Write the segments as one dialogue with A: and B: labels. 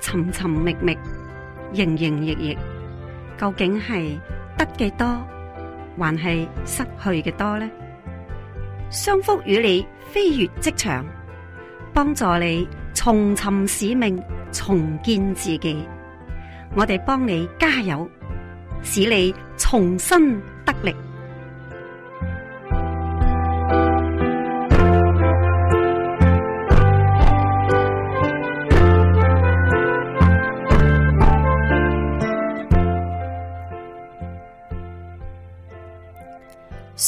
A: 尋尋覓覓，營營役役，究竟係得嘅多，還係失去嘅多呢？商福與你飛越職場，幫助你重尋使命，重建自己。我哋幫你加油，使你重新得力。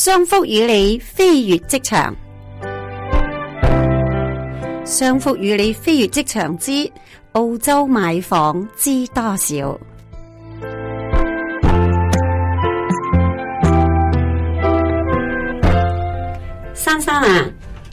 A: 商福與你飛越職場，商福與你飛越職場之澳洲買房知多少？珊珊啊！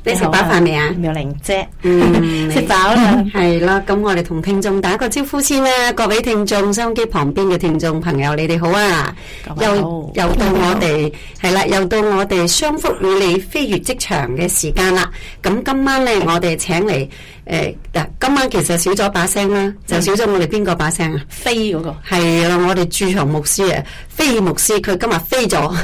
A: 你食飽飯未啊？妙玲姐，食飽啦。係啦，咁我哋同聽眾打個招呼先啦。各位聽眾，收音機旁邊嘅聽眾朋友，你哋好啊！又又到我哋係啦，又到我哋商福與你飛越職場嘅時間啦。咁今晚咧，我哋請嚟。誒嗱，今晚其實少咗把聲啦，就少咗我哋邊個把聲啊？飛嗰個係啦，我哋駐場牧師啊，飛牧師佢今日飛咗，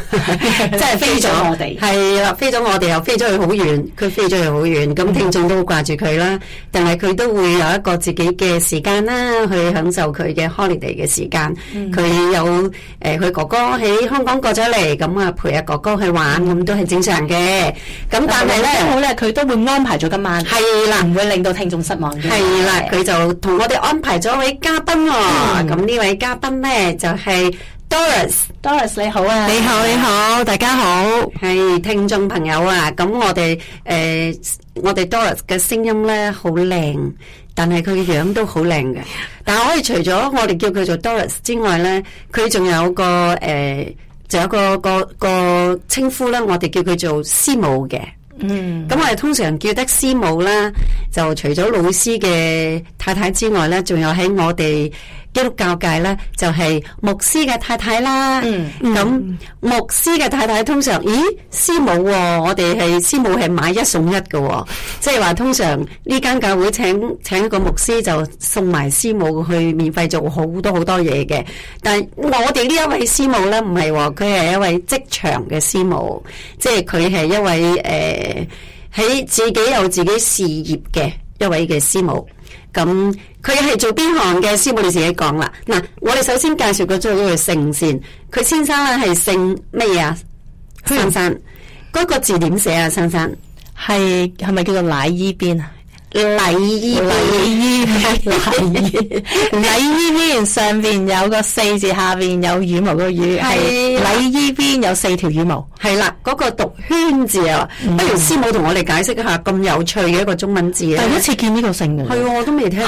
A: 即係飛咗我哋，係啦，飛咗我哋又飛咗去好遠，佢飛咗去好遠，咁聽眾都好掛住佢啦。但係佢都會有一個自己嘅時間啦，去享受佢嘅 holiday 嘅時間。佢有誒，佢哥哥喺香港過咗嚟，咁啊陪阿哥哥去玩，咁都係正常嘅。咁但係咧，好咧，佢都會安排咗今晚。係啦，唔會令到聽眾失望嘅，係啦，佢就同我哋安排咗一位嘉賓喎、哦。咁、嗯、呢位嘉賓咧就係、是、Doris，Doris 你好啊，你好你好，大家好，係聽眾朋友啊。咁我哋誒、呃，我哋 Doris 嘅聲音咧好靚，但係佢嘅樣都好靚嘅。但係可以除咗我哋叫佢做 Doris 之外咧，佢仲有個誒、仲、呃、有個個個稱呼咧，我哋叫佢做師母嘅。嗯，咁我哋通常叫得師母啦，就除咗老師嘅太太之外呢，仲有喺我哋。基督教界呢，就係牧師嘅太太啦，嗯，咁、嗯、牧師嘅太太通常，咦，師母、哦、我哋係師母係買一送一嘅，即係話通常呢間教會請請一個牧師就送埋師母去免費做好多好多嘢嘅。但係我哋呢一位師母呢，唔係，佢係一位職場嘅師母，即係佢係一位誒喺自己有自己事業嘅一位嘅師母。咁佢係做邊行嘅？師傅你自己講啦。嗱，我哋首先介紹個中嘅姓先。佢先生咧係姓乜嘢啊？先生山，嗰個字點寫啊？先生山係係咪叫做乃伊邊啊？禮
B: 衣禮衣禮衣，衣邊上邊有個四字，
A: 下邊有羽毛個羽，係禮衣邊有四條羽毛係啦。嗰個讀圈字啊、嗯、不如師母同我哋解釋一下咁有趣嘅一個中文字、啊、第一次見呢個姓嘅，係我都未聽。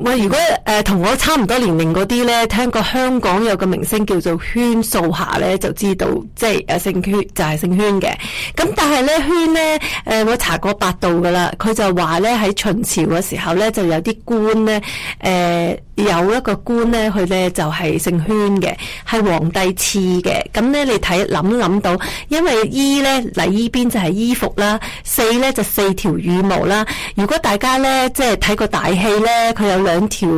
A: 喂，如果誒同、呃、我差唔多年齡嗰啲咧，聽過香
C: 港有個明星叫做圈數下咧，就知道即係、就是姓，就是、姓圈就係姓圈嘅。咁但係咧，圈咧誒我查過百度噶啦，佢就話咧喺。秦朝嘅時候咧，就有啲官咧，誒、呃、有一個官咧，佢咧就係姓禤嘅，係皇帝賜嘅。咁咧你睇，諗諗到，因為衣咧嚟，依邊就係衣服啦，四咧就四條羽毛啦。如果大家咧即係睇個大戲咧，佢有兩條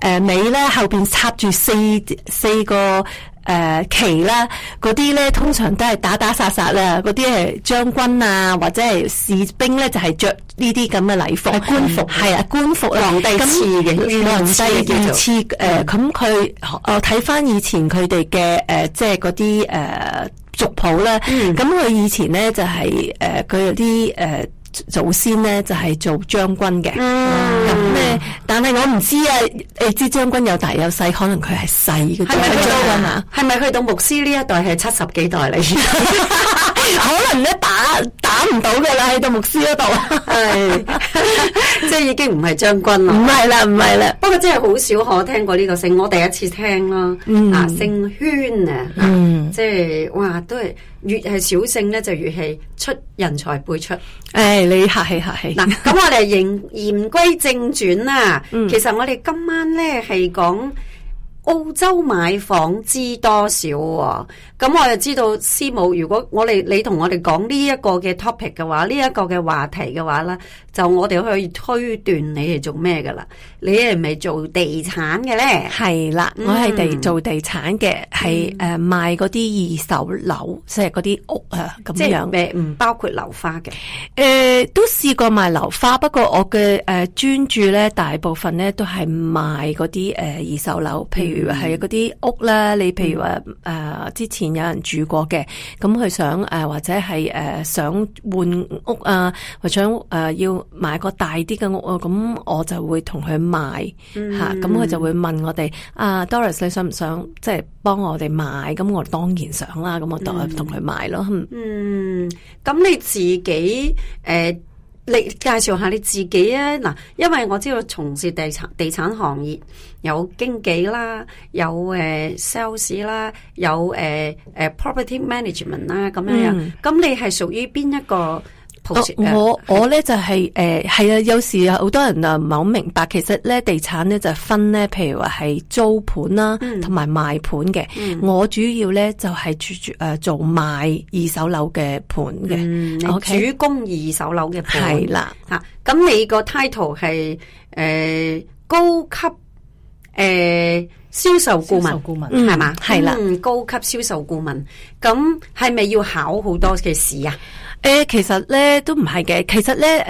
C: 誒尾咧後邊插住四四個。誒、呃，旗啦，嗰啲咧通常都係打打殺殺啦，嗰啲係將軍啊，或者係士兵咧，就係着呢啲咁嘅禮服，官服係啊，官服皇帝賜嘅，皇帝御賜誒，咁佢、嗯呃、我睇返以前佢哋嘅誒，即係嗰啲誒族譜啦，咁佢、嗯、以前咧就係、是、誒，佢、呃、有啲誒。呃祖先咧就係做將軍嘅、嗯，咁咩？但係我唔知啊，誒，知將軍有大有細，可能佢係細嘅
B: 將軍啊。
A: 係咪去到牧師呢一代係七十幾代嚟？ 可能咧打打唔到噶啦，去到牧師嗰度。係， 即係已經唔係將軍啦。唔係啦，唔係啦。不過真係好少可聽過呢個姓，我第一次聽啦、嗯。啊，姓禤啊。嗯，即係哇，都係。越係小勝咧，就越係出人才輩出。誒、哎，你客氣客氣嗱，咁 我哋言言歸正傳啦、啊嗯。其實我哋今晚咧係講。澳洲買房知多少、啊？咁我又知道，師母，如果我哋你同我哋講呢一個嘅 topic 嘅話，呢、這、一個嘅話題嘅話咧，就我哋可以推斷你係做咩噶啦。你係咪做地產嘅咧？係啦，我係地做地產嘅，係、嗯、誒賣嗰啲二手樓、嗯就是，即係嗰啲屋啊，咁樣嘅，唔包括樓花嘅。
C: 誒、呃，都試過賣樓花，不過我嘅誒專注咧，大部分咧都係賣嗰啲誒二手樓，譬如。譬如係嗰啲屋咧、嗯，你譬如話誒、呃，之前有人住過嘅，咁佢想誒、呃，或者係誒、呃、想換屋啊，或者誒、呃、要買個大啲嘅屋啊，咁我就會同佢賣吓，咁、嗯、佢、啊、就會問我哋啊，Doris 你想唔想即係幫我哋買？咁我當然想啦，咁我就同佢買咯。嗯，
A: 咁、嗯、你自己誒。呃你介紹下你自己啊！嗱，因為我知道從事地產地產行業有經紀啦，有誒、uh, sales 啦，有誒誒、uh, uh, property management 啦咁樣樣。咁、嗯、你係屬於邊一個？啊、我
C: 我咧就係誒係啊，有時啊好多人啊唔係好明白，其實咧地產咧就係、是、分咧，譬如話係租盤啦、啊，同、嗯、埋賣盤嘅、嗯。我主要咧就係住住誒做賣、啊、二手樓嘅盤嘅，
A: 嗯、主攻二手樓嘅盤係啦吓。咁、okay, 啊、你個 title 係誒高級誒銷售顧問顧問係嘛係啦，高級銷、呃、售顧問咁係咪要考好多嘅試啊？誒，其實咧都唔係嘅，其實咧，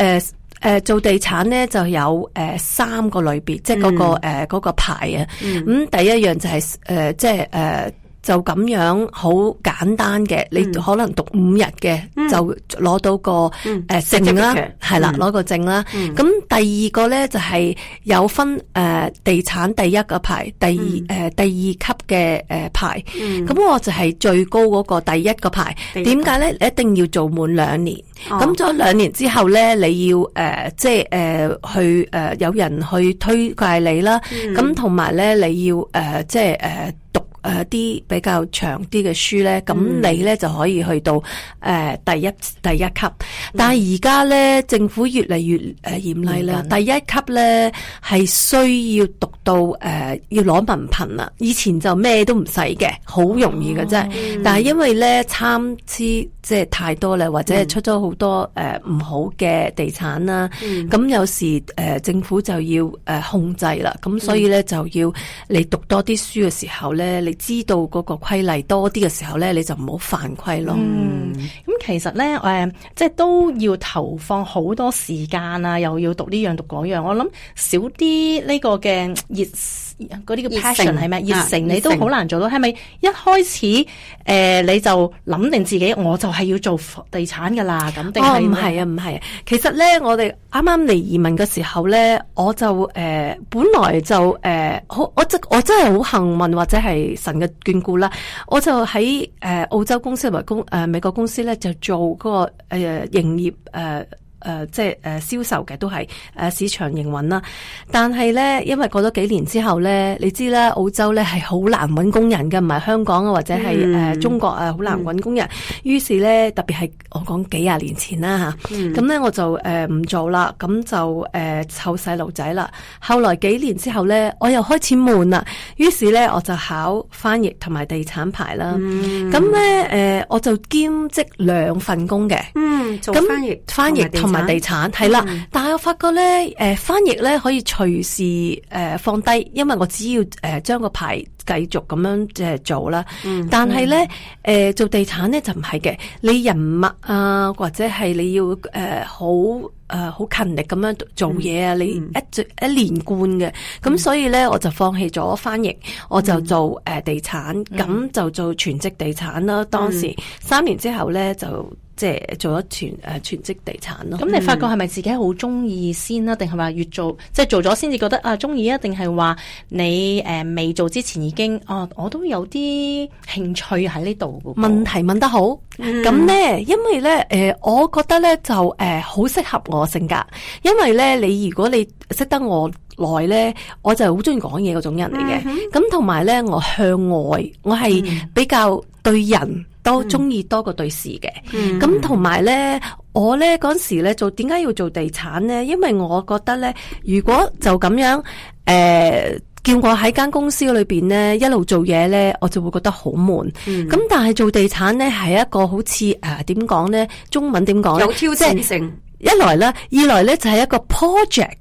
A: 誒誒，做地產咧就有誒、呃、
C: 三個類別、嗯，即係、嗰、嗰個誒、呃嗰個牌啊。咁、嗯嗯、第一樣就係、是、誒、呃，即係誒。呃就咁樣好簡單嘅，你可能讀五日嘅、嗯、就攞到個誒、嗯呃、證啦，係、嗯、啦，攞、嗯、個證啦。咁、嗯、第二個咧就係、是、有分誒、呃、地產第一個牌，第二誒、嗯呃、第二級嘅誒牌。咁、呃嗯、我就係最高嗰個第一個牌。點解咧？你一定要做滿兩年。咁做咗兩年之後咧，你要誒、呃、即係誒、呃、去誒、呃、有人去推介你啦。咁同埋咧，你要誒、呃、即係誒。呃誒、呃、啲比較長啲嘅書咧，咁、嗯、你咧就可以去到誒、呃、第一第一級。但係而家咧，政府越嚟越誒、呃、嚴厲啦。第一級咧係需要讀到誒、呃、要攞文憑啦。以前就咩都唔使嘅，好容易嘅啫、哦。但係因為咧參差。即係太多啦，或者係出咗、嗯呃、好多誒唔好嘅地產啦。咁、嗯、有時誒、呃、政府就要誒、呃、控制啦。咁所以咧、嗯、就要你讀多啲書嘅時候咧，你知
B: 道嗰個規例多啲嘅時候咧，你就唔好犯規咯。咁、嗯、其實咧誒、呃，即係都要投放好多時間啊，又要讀呢、這、樣、個、讀嗰、這、樣、個。我諗少啲呢個嘅熱。嗰啲叫 passion 係咩？熱誠、啊、你都好難做到，係咪一開始誒、呃、你就諗定自己我就係要做房地產噶啦？哦，唔係啊，唔係啊，啊，其實咧我哋啱啱嚟移民嘅時候咧，我
C: 就誒、呃、本來就誒好、呃，我即我，我真係好幸運或者係神嘅眷顧啦，我就喺誒、呃、澳洲公司或公誒美國公司咧就做嗰、那個誒營、呃、業誒。呃誒、呃、即係誒、呃、銷售嘅都係誒、呃、市場營運啦，但係咧，因為過咗幾年之後咧，你知啦，澳洲咧係好難揾工人嘅，唔係香港或者係誒、嗯呃、中國啊，好難揾工人。嗯、於是咧，特別係我講幾廿年前啦嚇，咁、嗯、咧我就誒唔、呃、做啦，咁就誒湊細路仔啦。後來幾年之後咧，我又開始悶啦，於是咧我就考翻譯同埋地產牌啦。咁咧誒我就兼職兩份工嘅，嗯，做翻譯翻譯同埋。地產係啦、嗯，但係我發覺咧，誒、呃、翻譯咧可以隨時誒、呃、放低，因為我只要誒將個牌繼續咁樣即係做啦。嗯、但係咧，誒、嗯呃、做地產咧就唔係嘅，你人物啊，或者係你要誒好誒好勤力，咁樣做嘢啊、嗯，你一、嗯、一連貫嘅，咁、嗯、所以咧我就放棄咗翻譯，我就做誒、嗯呃、地產，咁就做全職地產啦。當時三年之後咧就。即係做咗
B: 全誒全職地產咯，咁你發覺係咪自己好中意先啦，啊？定係話越做即係、就是、做咗先至覺得啊中意啊？定係話你誒未做之前已經啊我都有啲興趣喺呢度。問題問得好，
A: 咁、嗯、咧
B: 因為咧誒、呃，
C: 我覺得咧就誒好適合我性格，因為咧你如果你識得我耐咧，我就係好中意講嘢嗰種人嚟嘅。咁同埋咧，我向外，我係比較對人。嗯多中意多個對視嘅，咁同埋咧，我咧陣時咧做點解要做地產咧？因為我覺得咧，如果就咁樣誒、呃，叫我喺間公司裏邊咧一路做嘢咧，我就會覺得好悶。咁、嗯、但係做地產咧係一個好似誒點講咧？中文點講有挑戰性。就是、一來咧，二來咧就係、是、一個 project，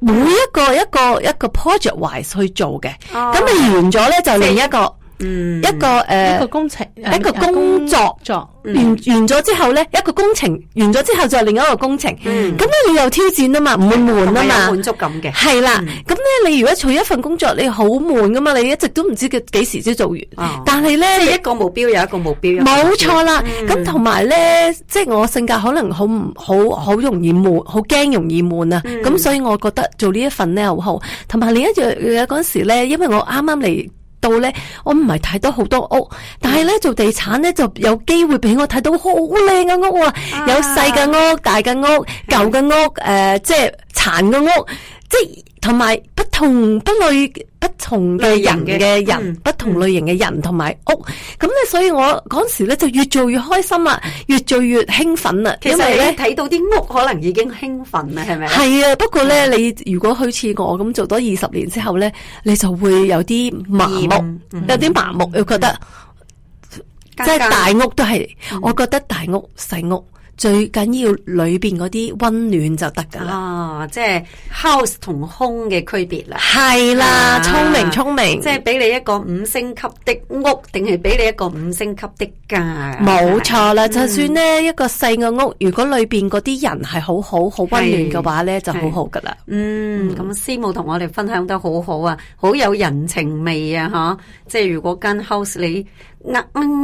C: 每一個一個、哦、一個 project wise 去做嘅。咁、哦、你完咗咧，就另一個。嗯、一個誒、呃，一個
B: 工程，一個工作
C: 工作完、嗯、完咗之後呢，一個工程完咗之後就另一個工程。咁你你又挑戰啊嘛，唔、嗯、會悶啊嘛。同有滿足感嘅。係、嗯、啦，咁、嗯、呢你如果做一份工作，你好悶噶嘛，你一直都唔知佢幾時先做完。哦、
A: 但係呢，你一個目標又一個目標。冇錯啦。咁同埋
C: 呢，即係我性格可能好好好容易悶，好驚容易悶啊。咁、嗯、所以我覺得做呢一份呢，好好。同埋另一樣嘢，嗰時呢，因為我啱啱嚟。到咧，我唔係睇到好多屋，但係咧做地產咧就有機會俾我睇到好靚嘅屋啊，有細嘅屋、大嘅屋、舊嘅屋、誒、呃、即係殘嘅屋，即。同埋不同不類不同嘅人嘅人，不同類型嘅人，同埋屋。咁咧，所以我嗰時咧就越做越開心啦，越做越興奮啦。其實因為咧睇
A: 到啲屋可能已經興奮啦，係
C: 咪？係啊，不過咧，你如果好似我咁做多二十年之後咧，你就會有啲麻木，有啲麻木，又覺得即係大屋都係，我覺得大屋細屋。
A: 最緊要裏邊嗰啲溫暖就得噶、啊、啦，即係 house 同 home 嘅區別啦，係啦，聰明聰明，即係俾你一個五星級的屋，定係俾你一個五星級的家，冇錯啦。就算
C: 呢、嗯、一個細個屋，如果裏邊嗰啲人係好好好溫暖嘅話呢，就好好噶啦。嗯，
A: 咁、嗯、師母同我哋分享得好好啊，好有人情味啊，吓，即係如果間 house 你。呃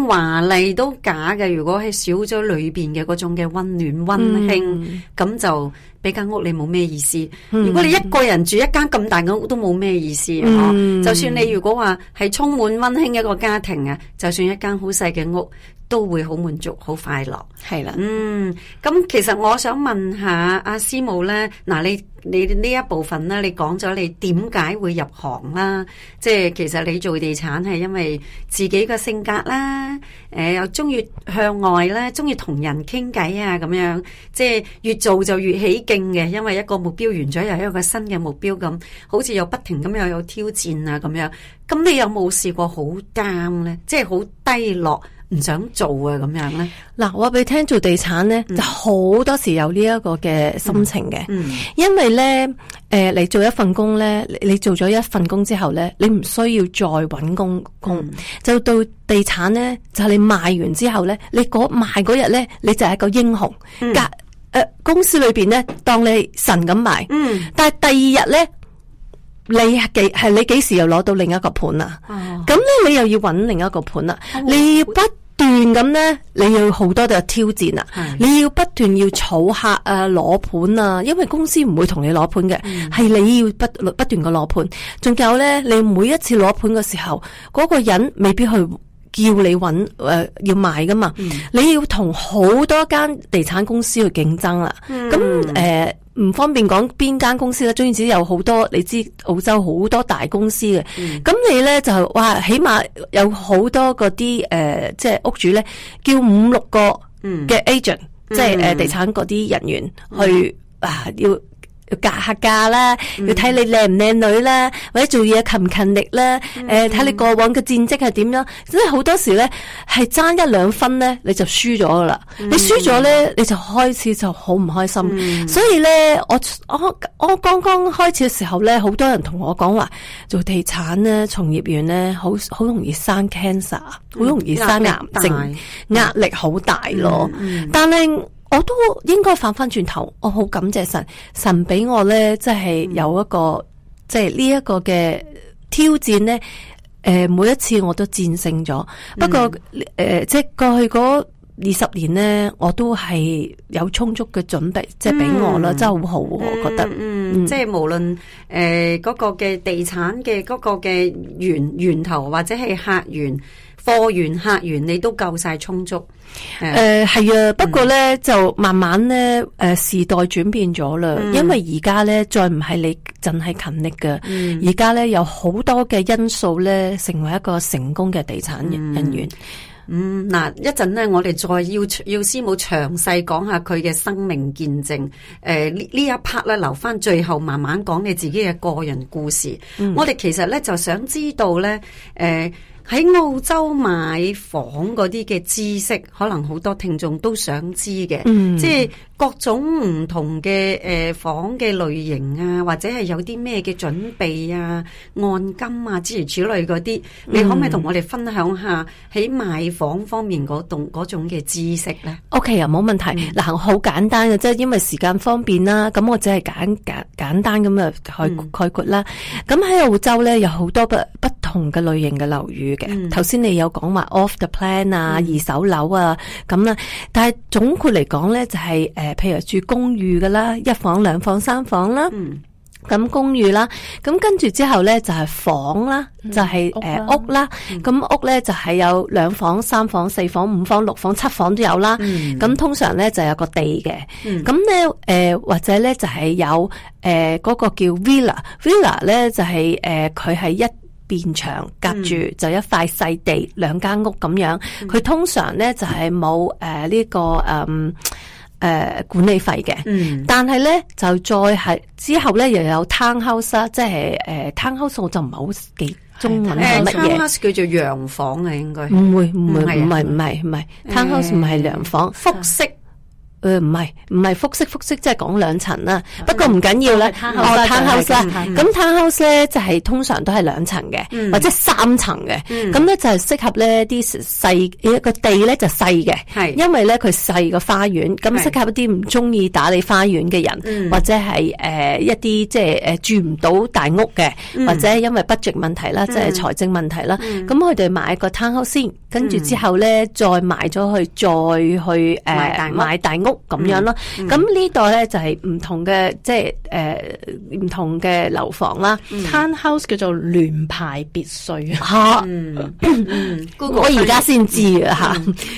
A: 華麗都假嘅，如果係少咗裏邊嘅嗰種嘅溫暖溫馨，咁、嗯、就俾間屋你冇咩意思、嗯。如果你一個人住一間咁大嘅屋都冇咩意思、嗯，就算你如果話係充滿溫馨一個家庭啊，就算一間好細嘅屋。都會好滿足、好快樂，係啦。嗯，咁其實我想問下阿師母呢，嗱，你你呢一部分呢，你講咗你點解會入行啦？即係其實你做地產係因為自己嘅性格啦，誒又中意向外啦，中意同人傾偈啊，咁樣，即係越做就越起勁嘅，因為一個目標完咗，又一個新嘅目標咁，好似又不停咁又有挑戰啊咁樣。咁你有冇試過好 down 呢？即係好低落？唔想做啊，咁樣咧？嗱，我話俾你聽做地產咧
C: 就好多時有呢一個嘅心情嘅。因為咧，誒你做一份工咧，你做咗一份工之後咧，你唔需要再搵工工，就到地產咧，就你賣完之後咧，你嗰賣嗰日咧，你就係一個英雄，隔誒公司裏邊咧，當你神咁賣，但係第二日咧。你幾係你幾時又攞到另一個盤啊？咁、oh. 呢、啊 oh.，你又要揾另一個盤啦，你要不斷咁呢，你要好多都挑戰啊！Mm. 你要不斷要儲客啊，攞盤啊，因為公司唔會同你攞盤嘅，係、mm. 你要不不斷個攞盤。仲有呢，你每一次攞盤嘅時候，嗰、那個人未必去叫你揾誒、呃、要買噶嘛，mm. 你要同好多間地產公司去競爭啦、啊。咁、mm. 誒。呃唔方便講邊間公司咧，總言之有好多，你知澳洲好多大公司嘅，咁、嗯、你咧就哇，起碼有好多嗰啲、呃、即係屋主咧叫五六個嘅 agent，、嗯、即係地產嗰啲人員、嗯、去啊要。要夾下價啦，要睇你靚唔靚女啦，或者做嘢勤唔勤力啦，誒、嗯，睇、呃、你過往嘅戰績係點樣，嗯、即係好多時咧係爭一兩分咧，你就輸咗噶啦，你輸咗咧，你就開始就好唔開心。嗯、所以咧，我我我剛剛開始嘅時候咧，好多人同我講話做地產咧，從業員咧，好好容易生 cancer，好容易生癌症，壓力好大、嗯、大咯，嗯嗯、但係。我都應該反返轉頭，我好感謝神，神俾我咧，即係有一個，嗯、即係呢一個嘅挑戰咧。誒、呃，每一次我都戰勝咗。不過，誒、嗯呃，即係過去嗰二十年咧，我都係
A: 有充足嘅準備，即係俾我啦、嗯，真係好好、啊。我覺得，嗯，即係無論誒嗰個嘅地產嘅嗰、嗰個嘅源源頭或者係客源。貨源客源你都夠晒充足，誒
C: 係啊，呃啊嗯、不過咧就慢慢咧，誒、啊、時代轉變咗啦，嗯、因為而家咧再唔係你真係勤力嘅，而家咧有好多嘅因素咧，成為一個成功嘅地產
A: 人員。嗯，嗱、嗯，一陣咧，我哋再要要師母詳細講下佢嘅生命見證，誒、呃、呢呢一 part 咧留翻最後慢慢講你自己嘅個人故事。嗯、我哋其實咧就想知道咧，誒、呃。喺澳洲買房嗰啲嘅知識，可能好多聽眾都想知嘅、嗯，即係各種唔同嘅誒房嘅類型啊，或者係有啲咩嘅準備啊、按金啊、諸如此類嗰啲，你可唔可以同我哋分享一下喺買房方面嗰棟種嘅知識咧
C: ？O K 啊，冇、okay, 問題。嗱，好簡單嘅，即係因為時間方便啦。咁我只係簡簡簡單咁啊概概括啦。咁、嗯、喺澳洲咧，有好多不不同嘅類型嘅樓宇。頭、嗯、先你有講話 off the plan 啊，二手樓啊咁啦，但係總括嚟講咧就係、是、誒、呃，譬如住公寓噶啦，一房、兩房、三房啦，咁、嗯、公寓啦，咁跟住之後咧就係、是、房啦，嗯、就係、是、誒屋啦，咁、呃、屋咧、嗯、就係、是、有兩房、三房、四房、五房、六房、七房都有啦，咁、嗯、通常咧就是、有個地嘅，咁咧誒或者咧就係、是、有誒嗰、呃那個叫 villa，villa 咧 Villa 就係誒佢係一。變長，隔住、嗯、就一塊細地，兩間屋咁樣。佢、嗯、通常咧就係冇誒呢個誒誒、嗯呃、管理費嘅、嗯。但係咧就再係之後咧又有 townhouse，即係誒、uh, townhouse 我就唔係好記中文啦。Uh, townhouse
A: 叫做洋房啊，應該唔會唔會唔係唔係
C: 唔係 townhouse 唔係洋房複式。Uh, 誒、嗯，唔係唔係複式複式，即係講兩層啦。不過唔緊要咧，哦、嗯，Town、啊啊、house 咁、啊、Town、就是、house 咧、啊嗯、就係、是、通常都係兩層嘅，或者三層嘅。咁、嗯、咧就係適合咧啲細一個地咧就細嘅、嗯，因為咧佢細個花園，咁適合一啲唔中意打理花園嘅人、嗯，或者係誒、呃、一啲即係誒住唔到大屋嘅、嗯，或者因為 budget 問題啦、嗯，即係財政問題啦。咁佢哋買個 Town house 先，跟住之後咧再買咗去、嗯、再去誒、呃、買大屋。屋咁樣咯，咁呢度咧就係唔同嘅，即係誒唔同嘅樓房啦。嗯、Townhouse 叫做聯排別墅吓。、
A: 啊嗯嗯，我而家先知吓。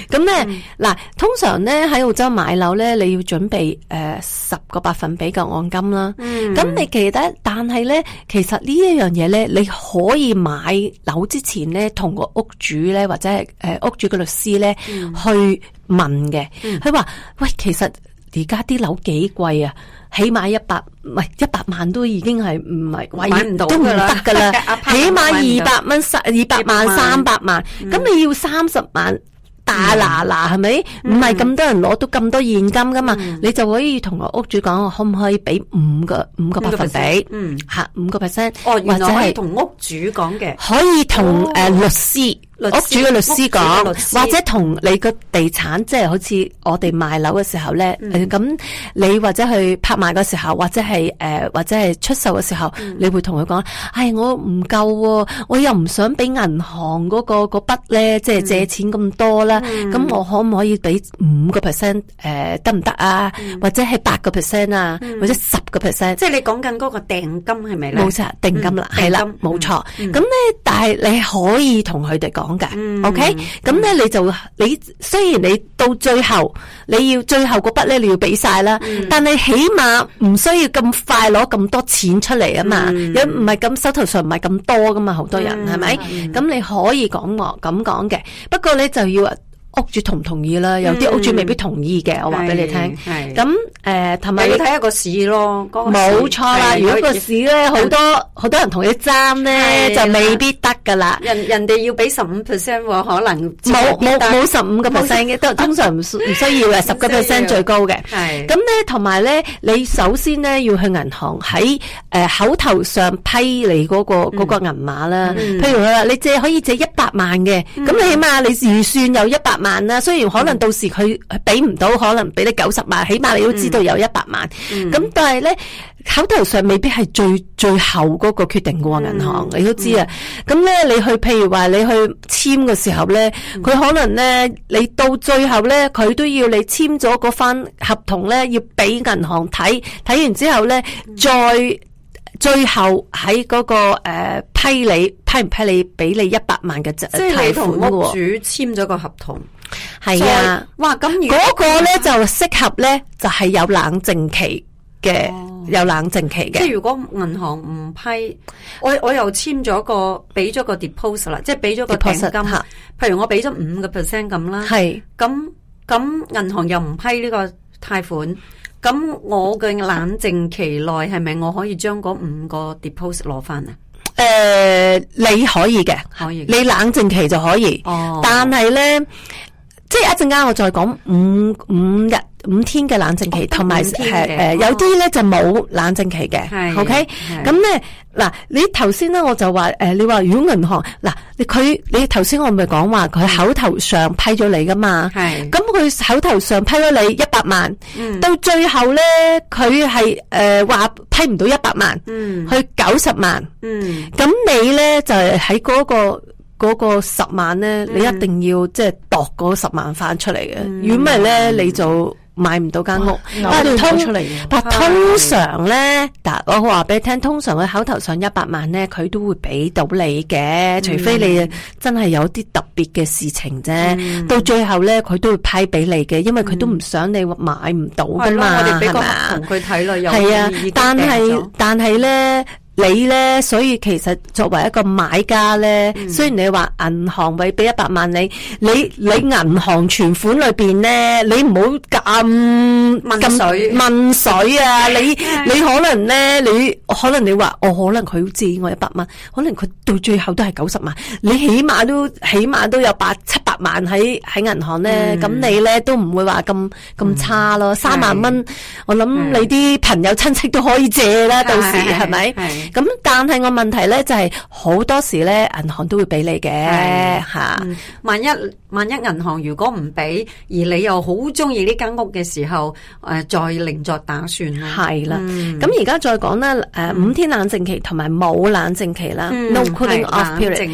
C: 咁咧嗱，通常咧喺澳洲買樓咧，你要準備誒、呃、十個百分比嘅按金啦。咁、嗯、你記得，但係咧，其實呢一樣嘢咧，你可以買樓之前咧，同個屋主咧，或者係誒、呃、屋主嘅律師咧、嗯、去。問嘅，佢話：喂，其實而家啲樓幾貴啊？起碼一百，唔係一百萬都已經係唔係買唔到，都唔得噶啦。起碼二百萬，二百萬、三百萬，咁你要三十萬大嗱嗱，係咪？唔係咁多人攞到咁多現金噶嘛？你就可以同個屋主講，我可唔可以俾五個五個百分比？嗯，吓五個 percent。哦，原來係同
A: 屋主講嘅，可
C: 以同誒律師。屋主嘅律師講，或者同你個地產，即係好似我哋賣樓嘅時候咧，咁你或者去拍賣嘅時候，或者係誒或者係出售嘅時候，你會同佢講，唉，我唔夠，我又唔想俾銀行嗰個嗰筆咧，即係借錢咁多啦。咁我可唔可以俾五個 percent？誒得唔得啊？或者係八個 percent 啊？或者十個 percent？即係你
A: 講緊嗰個定金係咪咧？冇錯，定金啦，係啦，
C: 冇錯。咁咧，但係你可以同佢哋講。講嘅，OK，咁咧你就你雖然你到最後你要最後嗰筆咧你要俾晒啦，但係起碼唔需要咁快攞咁多錢出嚟啊嘛，又唔係咁手頭上唔係咁多噶嘛，好多人係咪？咁你可以講我咁講嘅，不過你就要。屋主同唔同意啦？有啲屋主未必同意嘅，我話俾你聽。
A: 係咁，誒，同埋要睇下個市咯。冇錯啦，如果個市咧好多好多人同你爭咧，就未必得噶啦。人人哋要俾十五 percent，可能冇冇冇十五個 percent 嘅，都通常唔唔需要嘅，十個 percent 最高
C: 嘅。係咁咧，同埋咧，你首先咧要去銀行喺誒口頭上批你嗰個嗰個銀碼啦。譬如佢話你借可以借一百萬嘅，咁你起碼你預算有一百萬。萬啦，雖然可能到時佢俾唔到，可能俾你九十萬，起碼你都知道有一百萬。咁、嗯嗯、但係咧，口頭上未必係最最後嗰個決定嘅喎，銀、嗯、行你都知啊。咁、嗯、咧，你去譬如話你去簽嘅時候咧，佢、嗯、可能咧，你到最後咧，佢都要你簽咗嗰翻合同咧，要俾銀行睇，睇完之後咧、嗯，再最後喺嗰、嗰個誒批你批唔批你，俾你一百萬嘅貸款。即係同屋主
A: 簽咗個合同。
C: 係啊，
A: 哇！咁嗰個咧就
C: 適合咧，就係有冷靜期嘅、哦，有冷靜期嘅。即係如
A: 果銀行唔批，我我又簽咗個，俾咗個 deposit 啦，即係俾咗個定金。Deposit，譬如我俾咗五個 percent 咁啦，係咁咁，銀行又唔批呢個貸款，咁我嘅冷靜期內係咪我可以將嗰五個 deposit 攞翻啊？誒、
C: 呃，你可以嘅，可以，你冷靜期就可以。哦，但係咧。即係一陣間我再講五五日五天嘅冷靜期，同埋誒誒，有啲咧就冇冷靜期嘅。係。OK，咁咧嗱，你頭先咧我就話誒、呃，你話如果銀行嗱，佢你頭先我咪講話佢口頭上批咗你㗎嘛？係。咁佢口頭上批咗你一百萬，到最後咧佢係誒話批唔到一百萬，去九十萬。嗯。咁、嗯、你咧就喺嗰、那個。嗰、那個十萬咧、嗯，你一定要即係度嗰十萬翻出嚟嘅。如果唔係咧，你就買唔到間屋但出但。但通常呢，但我好話俾你聽，通常佢口頭上一百萬咧，佢都會俾到你嘅、嗯，除非你真係有啲特別嘅事情啫、嗯。到最後咧，佢都會批俾你嘅，因為佢都唔想你買唔
A: 到噶嘛，係嘛？我哋俾個佢睇啦，又係啊，但係
C: 但係咧。你咧，所以其實作為一個買家咧，雖然你話銀行會俾一百萬你，你你銀行存款裏邊咧，你唔好咁咁水問水啊！你你可能咧，你可能你話，我可能佢借我一百萬，可能佢到最後都係九十萬，你起碼都起碼都有八七百萬喺喺銀行咧，咁你咧都唔會話咁咁差咯。三萬蚊，我諗你啲朋友親戚都可以借啦，到時係咪？咁但係個問題咧就係、是、好多時咧銀行都會俾你嘅吓、嗯，
A: 萬一萬一銀行如果唔俾而你又好中意呢間屋嘅時候，誒、呃、再另作打算啦。係啦，咁而家再講咧，誒、呃、五天冷靜期同
C: 埋冇冷靜期啦、嗯。No cooling off period。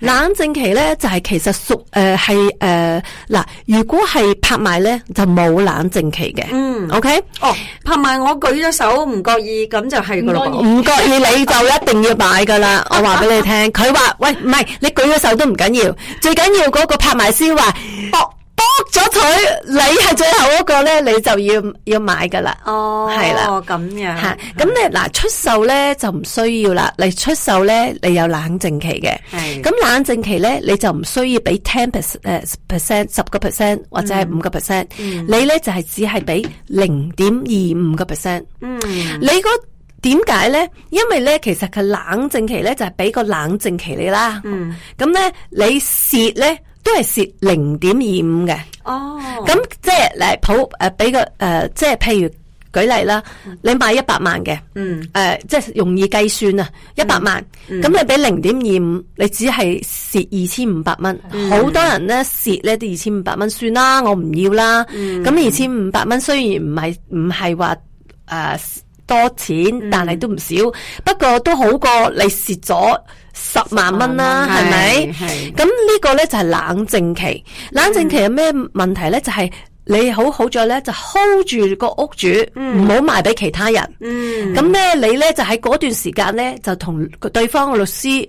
C: 冷靜期咧就係其實屬誒係誒嗱，如果係拍賣咧就冇冷靜期嘅。嗯，OK，哦，
A: 拍賣我舉咗手唔覺意，咁就係噶咯，唔覺意你。 你就一
C: 定要買噶啦，我話俾你聽。佢話喂，唔係你舉個手都唔緊要，最緊要嗰個拍賣師話
A: 卜卜咗佢，你係最後
C: 一個咧，你就要要買噶啦。
A: 哦，係啦，咁樣。吓，
C: 咁你嗱出售咧就唔需要啦。你出售咧，你有冷靜期嘅。係。咁冷靜期咧，你就唔需要俾 ten per 誒 percent 十個 percent 或者係五個 percent。嗯。你咧就係只係俾零點二五個 percent。嗯。你嗰點解咧？因為咧，其實佢冷靜期咧就係、是、俾個冷靜期你啦。嗯，咁咧你蝕咧都係蝕零點二五嘅。哦，咁即係誒普誒俾、啊、個誒即係譬如舉例啦，你買一百萬嘅，嗯，誒即係容易計算啊，一百萬，咁、嗯、你俾零點二五，你只係蝕二千五百蚊。好、嗯、多人咧蝕咧都二千五百蚊算啦，我唔要啦。咁二千五百蚊雖然唔係唔係話誒。多錢，但係都唔少、嗯，不過都好過你蝕咗十萬蚊啦，係咪？咁呢個呢就係、是、冷靜期，冷靜期有咩問題呢？嗯、就係、是、你好好在呢，就 hold 住個屋主，唔、嗯、好賣俾其他人。咁、嗯、呢，你呢就喺嗰段時間呢，就同對方嘅律師。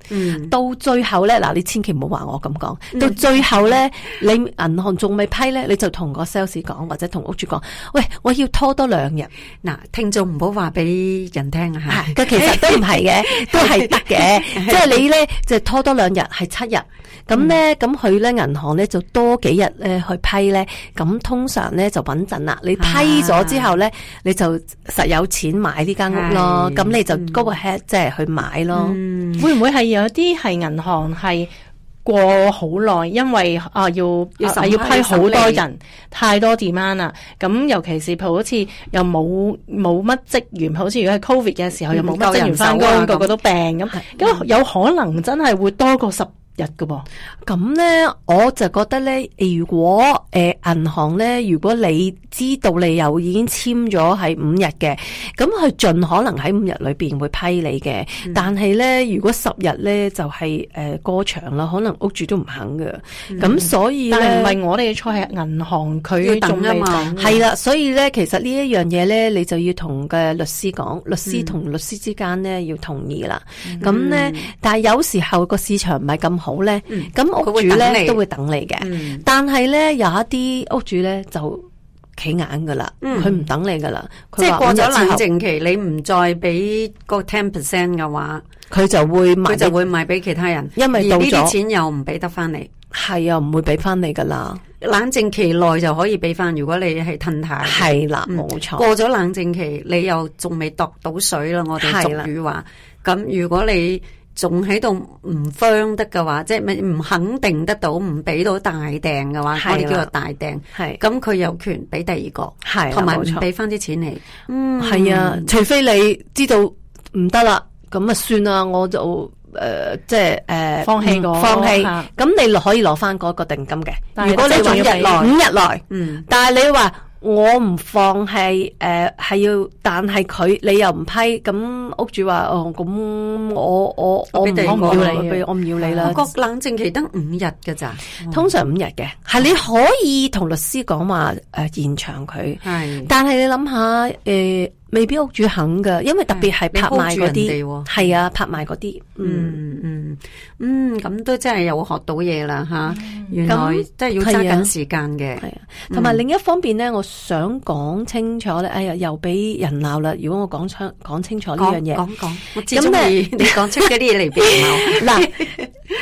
C: 到最後咧，嗱你千祈唔好話我咁講。到最後咧，你銀行仲未批咧，你就同個 sales 講或者同屋主講，喂，我要拖多兩日。嗱，聽眾唔好話俾人聽吓。是 其實都唔係嘅， 都係得嘅。即 係你咧就拖多兩日，係七日。咁咧咁佢咧銀行咧就多幾日咧去批咧。咁通常咧就穩陣啦。你批咗之後咧、啊，你就實有錢買呢間屋咯。咁你就
B: go ahead、嗯、即係去買咯。嗯、會唔會係有？有啲係銀行係過好耐，因為啊要要批好、啊、多人，太多 demand 啦。咁尤其是好似又冇冇乜職員，好似如果係 covid 嘅時候、啊、又冇乜職員返工，個個都病咁，咁、嗯、有可能真係會多過十日噶噃、哦，咁咧我就覺得咧，如果誒銀、呃、行
C: 咧，如果你知道你又已經簽咗係五日嘅，咁佢盡可能喺五日裏邊會批你嘅、嗯。但係咧，如果十日咧就係、是、誒、呃、過長啦，可能屋主都唔肯嘅。咁、嗯、所以咧，唔係我哋嘅錯，係銀行佢等啊嘛。係啦，所以咧其實呢一樣嘢咧，你就要同個律師講，律師同律師之間咧要同意啦。咁、嗯、咧、嗯，但係有時候個市場唔係咁。好。好、嗯、咧，
A: 咁屋主咧都會等你嘅、嗯，
C: 但係咧有一啲屋主咧
A: 就企硬噶啦，佢、嗯、唔等你噶啦。即、就、係、是、過咗冷靜期，你唔再俾嗰 ten percent 嘅話，佢就會佢就會賣俾其他人。因為呢啲錢又唔俾得翻你，係啊，唔會俾翻你噶啦。冷靜期內就可以俾翻，如果你係褪下係啦，冇錯、啊嗯。過咗冷靜期，你又仲未度到水啦，我哋俗語話，咁、啊、如果你。仲喺度唔慌得嘅話，即係唔肯定得到，唔俾到大訂嘅話，我哋叫做大訂。係，咁佢有權俾第二個，係，同埋俾翻啲錢你。嗯，係啊、嗯，除非你知道唔得啦，咁啊算啦，我就誒、呃，即係誒、呃，放棄過、嗯，放棄。
C: 咁你可以攞翻嗰個定金嘅。如果你仲五日內五日內，嗯，但係你話。我唔放棄，誒、呃，係要，但係佢你又唔批，咁屋主話哦，咁我我我我唔要你，我唔要你啦。我個、啊、冷靜期得五日嘅咋，通常五日嘅，係你可以同律師講話誒，延長佢，係，但係你諗下誒。呃未必屋主肯噶，因為特別係拍賣嗰啲，係啊，拍賣嗰啲，
A: 嗯嗯嗯，咁、嗯嗯、都真係又學到嘢啦吓，原來真係要揸緊時間嘅，係啊，同埋、啊啊嗯、另
C: 一方面咧，我想講清楚咧，哎呀又俾人鬧啦，如果我講清講清楚呢樣嘢，講講，
A: 咁咩你講清一啲嘢嚟俾人
C: 鬧，嗱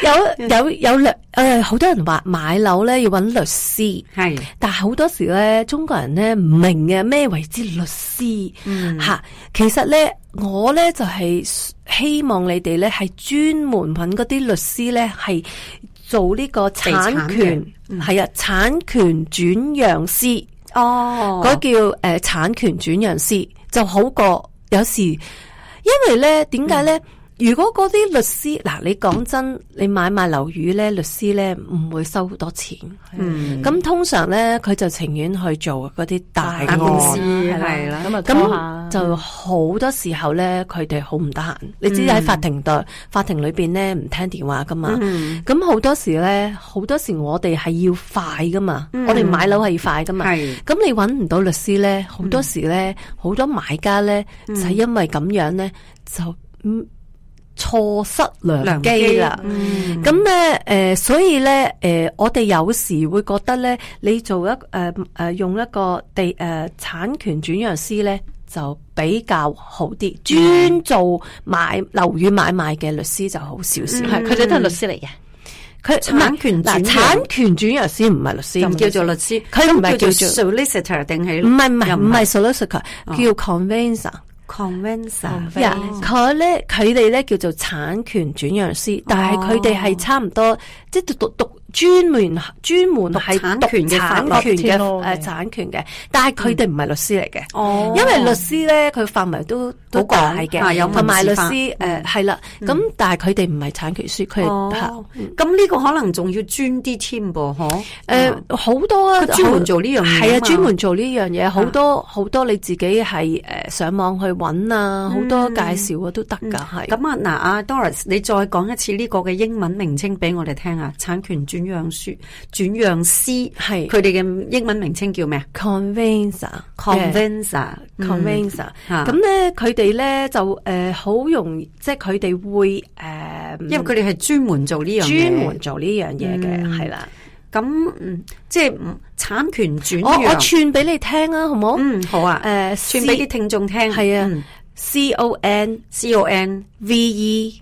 C: 有有有律誒，好、呃、多人話買樓咧要揾律師，係，但係好多時咧中國人咧唔明嘅咩為之律師。嗯吓、嗯，其實咧，我咧就係、是、希望你哋咧係專門揾嗰啲律師咧係做呢個產權，係、嗯、啊，產權轉讓師
A: 哦，嗰、那個、
C: 叫誒、呃、產權轉讓師就好過有時，因為咧點解咧？如果嗰啲律師嗱，你講真，你買賣樓宇咧，律師咧唔會收好多錢。嗯，咁通常咧，佢就情願去做嗰啲大案。公司係啦，咁啊，咁、嗯嗯、就好多時候咧，佢哋好唔得閒。你知喺法庭度，法庭裏邊咧唔聽電話噶嘛。嗯，咁好多時咧，好多時我哋係要快噶嘛。嗯，我哋買樓係要快噶嘛。咁、嗯、你揾唔到律師咧，好多時咧，好、嗯、多買家咧、嗯、就係、是、因為咁樣咧就嗯。錯失良機啦，咁咧誒，所以咧誒、呃，我哋有時會覺得咧，你做一誒誒、呃，用一個地誒、呃、產權轉讓師咧就比較好啲，專做買樓宇買賣嘅律師就好少少，係佢哋都係律師嚟嘅。佢產權嗱產權轉讓師唔係律師，唔叫做律師，佢唔係叫做，叫做
A: solicitor，定係唔係唔係唔係
C: solicitor，叫 conveyancer、哦
A: conveyancer，
C: 佢咧，佢哋咧叫做產權轉讓師，但係佢哋係差唔多，即係讀讀讀。讀讀專門專門係產權嘅產權嘅誒產權嘅、呃，但係佢哋唔係律師嚟嘅、嗯，因為律師咧佢範圍都、哦、都大好大嘅，同埋、嗯、律師誒係啦，咁、呃嗯、但係佢哋唔係產權書，佢、嗯、係，咁呢、嗯嗯、個可能仲要專啲添噃，誒、嗯、好、呃、多專、啊、門做呢樣嘢係啊，專門做呢樣嘢，好、啊、
A: 多好多你自己係誒上網去揾啊，好、嗯、多介紹啊都得噶，係、嗯、咁、嗯、啊嗱，阿、啊、Doris 你再講一次呢個嘅英文名稱俾我哋聽啊，產權專。轉讓書、轉讓司，係佢哋嘅英文名稱叫咩啊？Conveyancer、Conveyancer、um, 啊 uh, c, 聽聽 uh, c o n v e n c e r 咁
C: 咧，佢哋咧
A: 就誒好容易，即係佢哋會誒，因為佢哋係專門做呢樣，專門做呢樣嘢嘅，係啦。咁，即係產權轉讓，我我串俾你聽啊，好冇？嗯，好啊。誒，串俾啲聽眾聽，係啊，C O N C O N V E。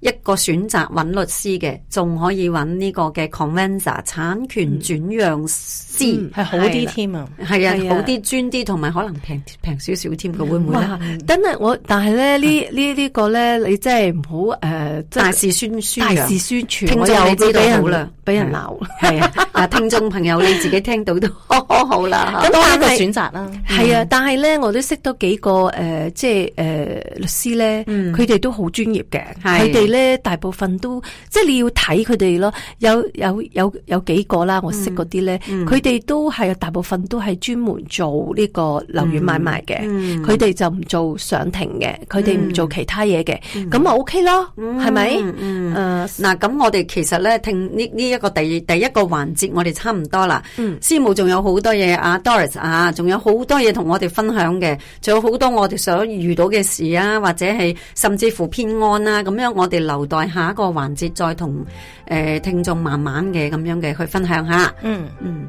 A: 一個選擇揾律師嘅，仲可以揾呢個嘅 conveyancer 產權轉讓師，係、嗯、好啲添
B: 啊！係啊，啊，好啲
A: 專啲，同埋、啊、可能平平少少添，佢會唔會咧？真、嗯、係我，但係咧呢、嗯這個、呢呢個咧，你真係唔好誒大肆宣傳，大肆宣傳、嗯，聽眾你知道好啦，俾人鬧，係啊，啊， 啊，聽眾朋友你自己聽到都、 哦、好，好啦。咁 但個選擇啦、啊，係、嗯、啊，
C: 但係咧我都識多幾個誒、呃，即係誒、呃、律師咧，佢、嗯、哋都好專業嘅，佢哋、啊。咧大部分都即係你要睇佢哋咯，有有有有幾個啦，我識嗰啲咧，佢、嗯、哋、嗯、都係大部分都係專門做呢個樓宇買賣嘅，佢、嗯、哋就唔做上庭嘅，佢哋唔做其
A: 他嘢嘅，咁、嗯、啊 OK 咯，係、嗯、咪？誒嗱，咁、嗯嗯 uh, 我哋其實咧聽呢呢一個第第一個環節，我哋差唔多啦。司務仲有好多嘢，啊 Doris 啊，仲有好多嘢同我哋分享嘅，仲有好多我哋想遇到嘅事啊，或者係甚至乎騙案啊，咁樣我哋。留待下一個環節再同誒聽眾慢慢嘅咁樣嘅去分享下嗯。
B: 嗯嗯。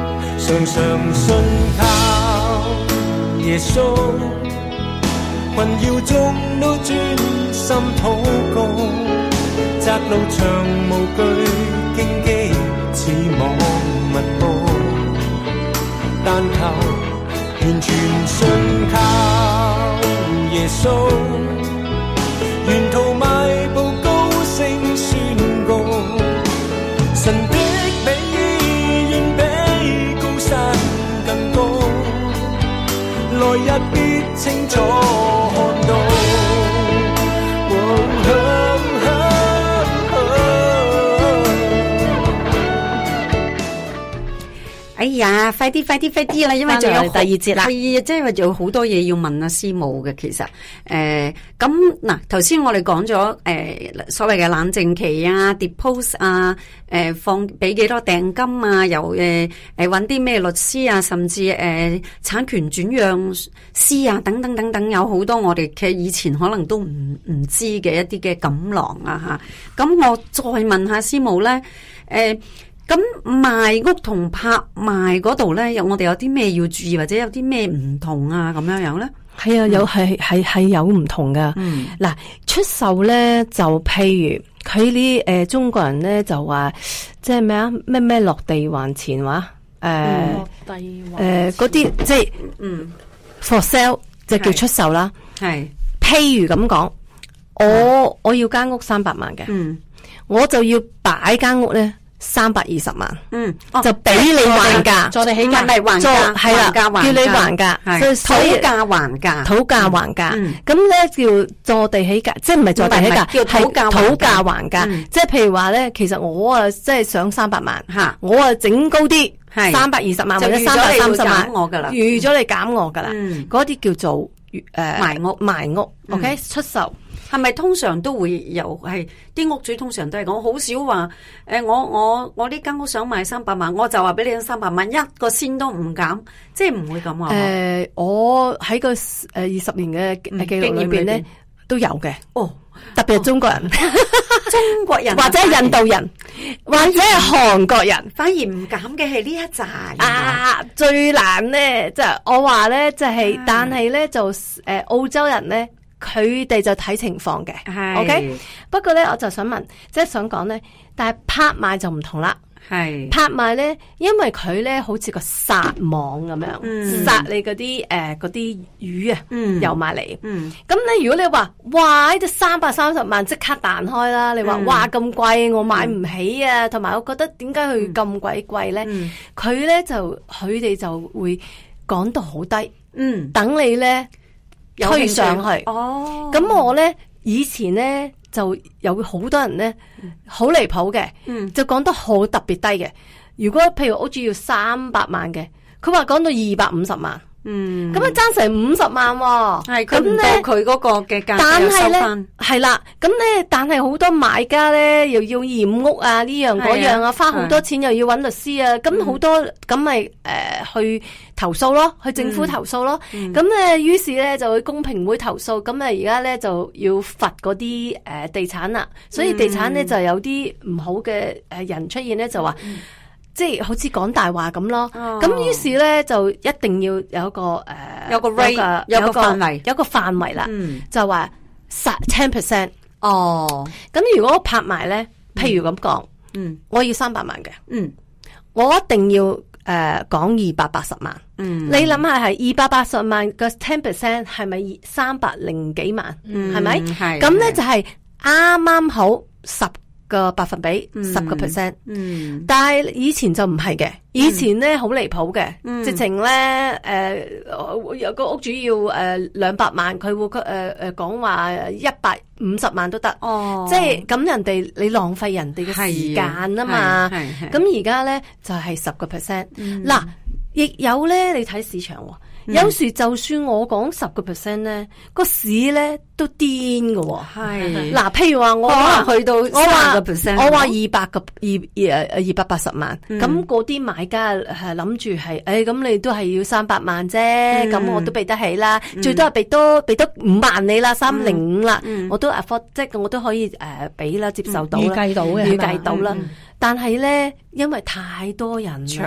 B: 常常信靠耶穌，困擾中都專心禱告，窄路長無懼荊棘，似網密布，但求完全信靠耶穌，沿途邁步高聲宣告，神的。來日必清楚。
A: 哎、呀！快啲快啲快啲啦，因為仲有第二節啦係啊，即係話仲有好多嘢要問阿、啊、師母嘅。其實，誒、呃，咁嗱，頭先我哋講咗，誒、呃，所謂嘅冷靜期啊，deposit 啊，誒、呃，放俾幾多訂金啊，又誒，誒、呃，搵啲咩律師啊，甚至誒、呃，產權轉讓師啊，等等等等，有好多我哋其實以前可能都唔唔知嘅一啲嘅錦囊啊，吓。咁我再問下師母咧，誒、呃。咁賣屋同拍賣嗰度咧，我有我哋有啲咩要注意，或者有啲咩唔同啊？咁樣樣咧，係啊，嗯、有係系係有唔同噶。嗱、嗯，出售咧就譬如佢
C: 啲誒中國人咧就話，即係咩啊？咩咩落地還錢話、啊、誒，誒嗰啲即係嗯 for sale 就叫出售啦。係，譬如咁講，我、嗯、我要間屋三百萬嘅，嗯，我就要擺間屋咧。三百二十萬，嗯，
A: 哦、就俾你還價，坐地起價咪還價，係啦、啊，叫你還價，討價還價，討價還
C: 價。咁、嗯、咧叫坐地起價、嗯，即係唔係坐地起價，叫討價討價還價、嗯。即係譬如話咧，其實我啊，即係想三百萬，吓、嗯，我啊整高啲，三百二十萬或者三百三十萬，預我噶啦，預、嗯、
A: 咗你減我噶啦，嗰、嗯、啲叫做誒賣、呃、屋賣屋，屋，OK、嗯、出售。係咪通常都會有？係啲屋主通常都係講好少話。誒、欸，我我我呢間屋想賣三百萬，我就話俾你聽三百萬一個先都唔減，即係唔會咁啊、呃！
C: 我喺個二十年嘅經驗裏面咧都有嘅。哦，特別係中國人，
A: 中國人或者印度人，或者係韓國人，反而唔減嘅係呢一紮啊！
C: 最難咧，即係我話咧，即係但係咧，就誒、是哎呃、澳洲人咧。佢哋就睇情況嘅，OK。不過咧，我就想問，即、就、係、是、想講咧，但係拍賣就唔同啦。係拍賣咧，因為佢咧好似個殺網咁樣、嗯，殺你嗰啲誒嗰啲魚啊，游埋嚟。咁、嗯、你如果你話哇，呢隻三百三十萬即刻彈開啦！你話、嗯、哇咁貴，我買唔起啊！同、嗯、埋我覺得點解佢咁鬼貴咧？佢、嗯、咧、嗯、就佢哋就會講到好低，嗯，等你咧。
A: 推上去哦，
C: 咁我呢以前呢就有好多人呢，好離譜嘅，嗯，就講得好特別低嘅。如果譬如屋主要三百萬嘅，佢話講到二百五十萬。嗯，咁啊、哦，爭成五十萬，係，咁咧佢嗰個嘅價有三分，係啦，咁咧，但係好多買家咧，又要驗屋啊，呢樣嗰樣啊，花好多錢又要搵律師啊，咁好多，咁咪誒去投訴咯、嗯，去政府投訴咯，咁、嗯、咧，於是咧就去公平會投訴，咁啊，而家咧就要罰嗰啲誒地產啦，所以地產咧、嗯、就有啲唔好嘅誒人出現咧，就話。即係好似講大話咁咯，咁、oh. 於是咧就一定要有一個誒、oh. 呃，
A: 有個 range 有個範圍，
C: 有個範圍啦，mm. 就話十 ten percent。哦，咁如果我拍賣咧，mm. 譬如咁講，嗯、mm.，我要三百萬嘅，嗯、mm.，我一定要誒講二百八十萬，嗯、mm.，你諗下係二百八十萬個 ten percent 係咪三百零幾萬？嗯、mm.，係咪？係，咁咧就係啱啱好十。個百分比十個 percent，但係以前就唔係嘅，以前咧好離譜嘅，嗯嗯、直情咧誒，有、呃、個屋主要誒兩百萬，佢會佢誒誒講話一百五十萬都得、哦，即係咁人哋你浪費人哋嘅時間啊嘛，咁而家咧就係十個 percent，嗱，亦、嗯、有咧，你睇市場、哦。嗯、有時就算我講十個 percent 咧，呢個市咧都癲㗎，係嗱，譬如話我可能去到、啊、我話我話二百個二二二百八十萬，咁嗰啲買家係諗住係，誒、哎、咁你都係要三百萬啫，咁、嗯、我都俾得起啦。嗯、最多係俾多俾多五萬你啦，三零五啦、嗯，我都 afford、即我都可以誒俾、呃、啦，接受到。預、嗯、計到嘅，預計到啦。嗯嗯但係咧，因為太多人搶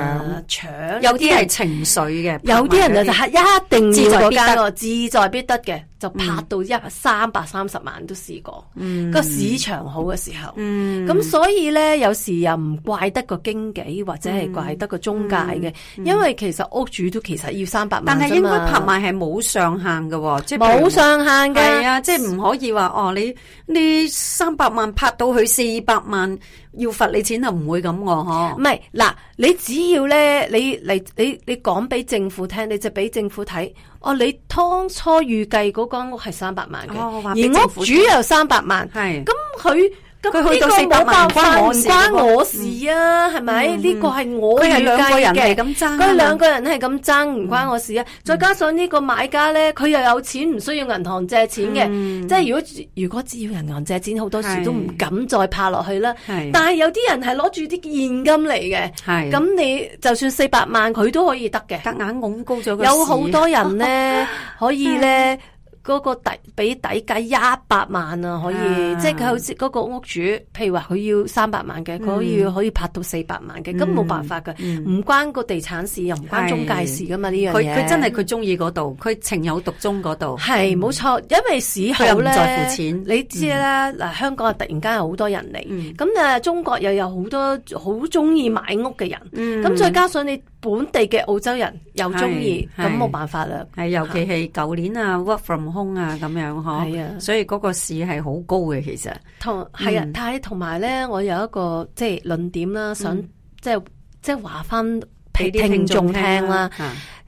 C: 搶，有啲係情
A: 緒嘅，有啲人就就係一定要嗰間咯，
C: 志在必得嘅。就拍到一三百三十萬都試過，嗯，
A: 個市場
C: 好嘅時候，咁、嗯、所以咧有時又唔怪得個經紀或者係怪得個中介嘅、嗯嗯，
A: 因為其實屋主都其實要三百萬。但係應該拍賣係冇上限嘅，即係冇上限嘅係啊，即係唔可以話哦，你你三百萬拍到佢四百萬，要罰你錢就唔會咁喎。嗬？唔係嗱，你只要咧，你
C: 嚟你你講俾政府聽，你就俾政府睇。哦，你當初預計嗰間屋係三百萬嘅，哦、而屋主又三百萬，係，咁佢。佢去到四百萬，唔關，關，關我事啊，係、嗯、咪？呢、嗯嗯這個係我佢係兩個人嘅。咁爭，佢兩個人係咁爭，唔關我事啊。嗯、再加上呢個買家咧，佢又有錢，唔需要銀行借錢嘅、嗯。即係如果如果只要銀行借錢，好、嗯、多時都唔敢再拍落去啦。但係有啲人係攞住啲現金嚟嘅。咁你就算四百萬，佢都可以得嘅。隔硬高咗，有好多人咧、哦、可以咧。嗰、那個俾底價一百萬啊，可以，啊、即係佢好似嗰個屋主，譬如話佢要三百萬嘅，佢、嗯、可以可以拍到四百萬嘅，咁、嗯、冇辦法㗎，唔、嗯、關個地產
A: 事，又唔關中介事噶嘛，呢樣嘢。佢佢真係佢中意嗰度，佢情有獨鍾嗰度。係冇、嗯、錯，
C: 因為時候咧、嗯，
A: 你知啦，
C: 嗱、嗯、香港啊突然間有好多人嚟，咁、嗯、中國又有好多好中意買屋嘅人，咁、嗯、再加上你本地嘅澳洲人又中意，咁冇辦
A: 法啦。係，尤其係舊年啊，Work from。空啊咁樣嗬，係啊，所以嗰個市係好高嘅，其實
C: 同係啊。嗯、但係同埋咧，我有一個即係論點啦，想、嗯、即係即係話翻俾啲聽眾聽啦。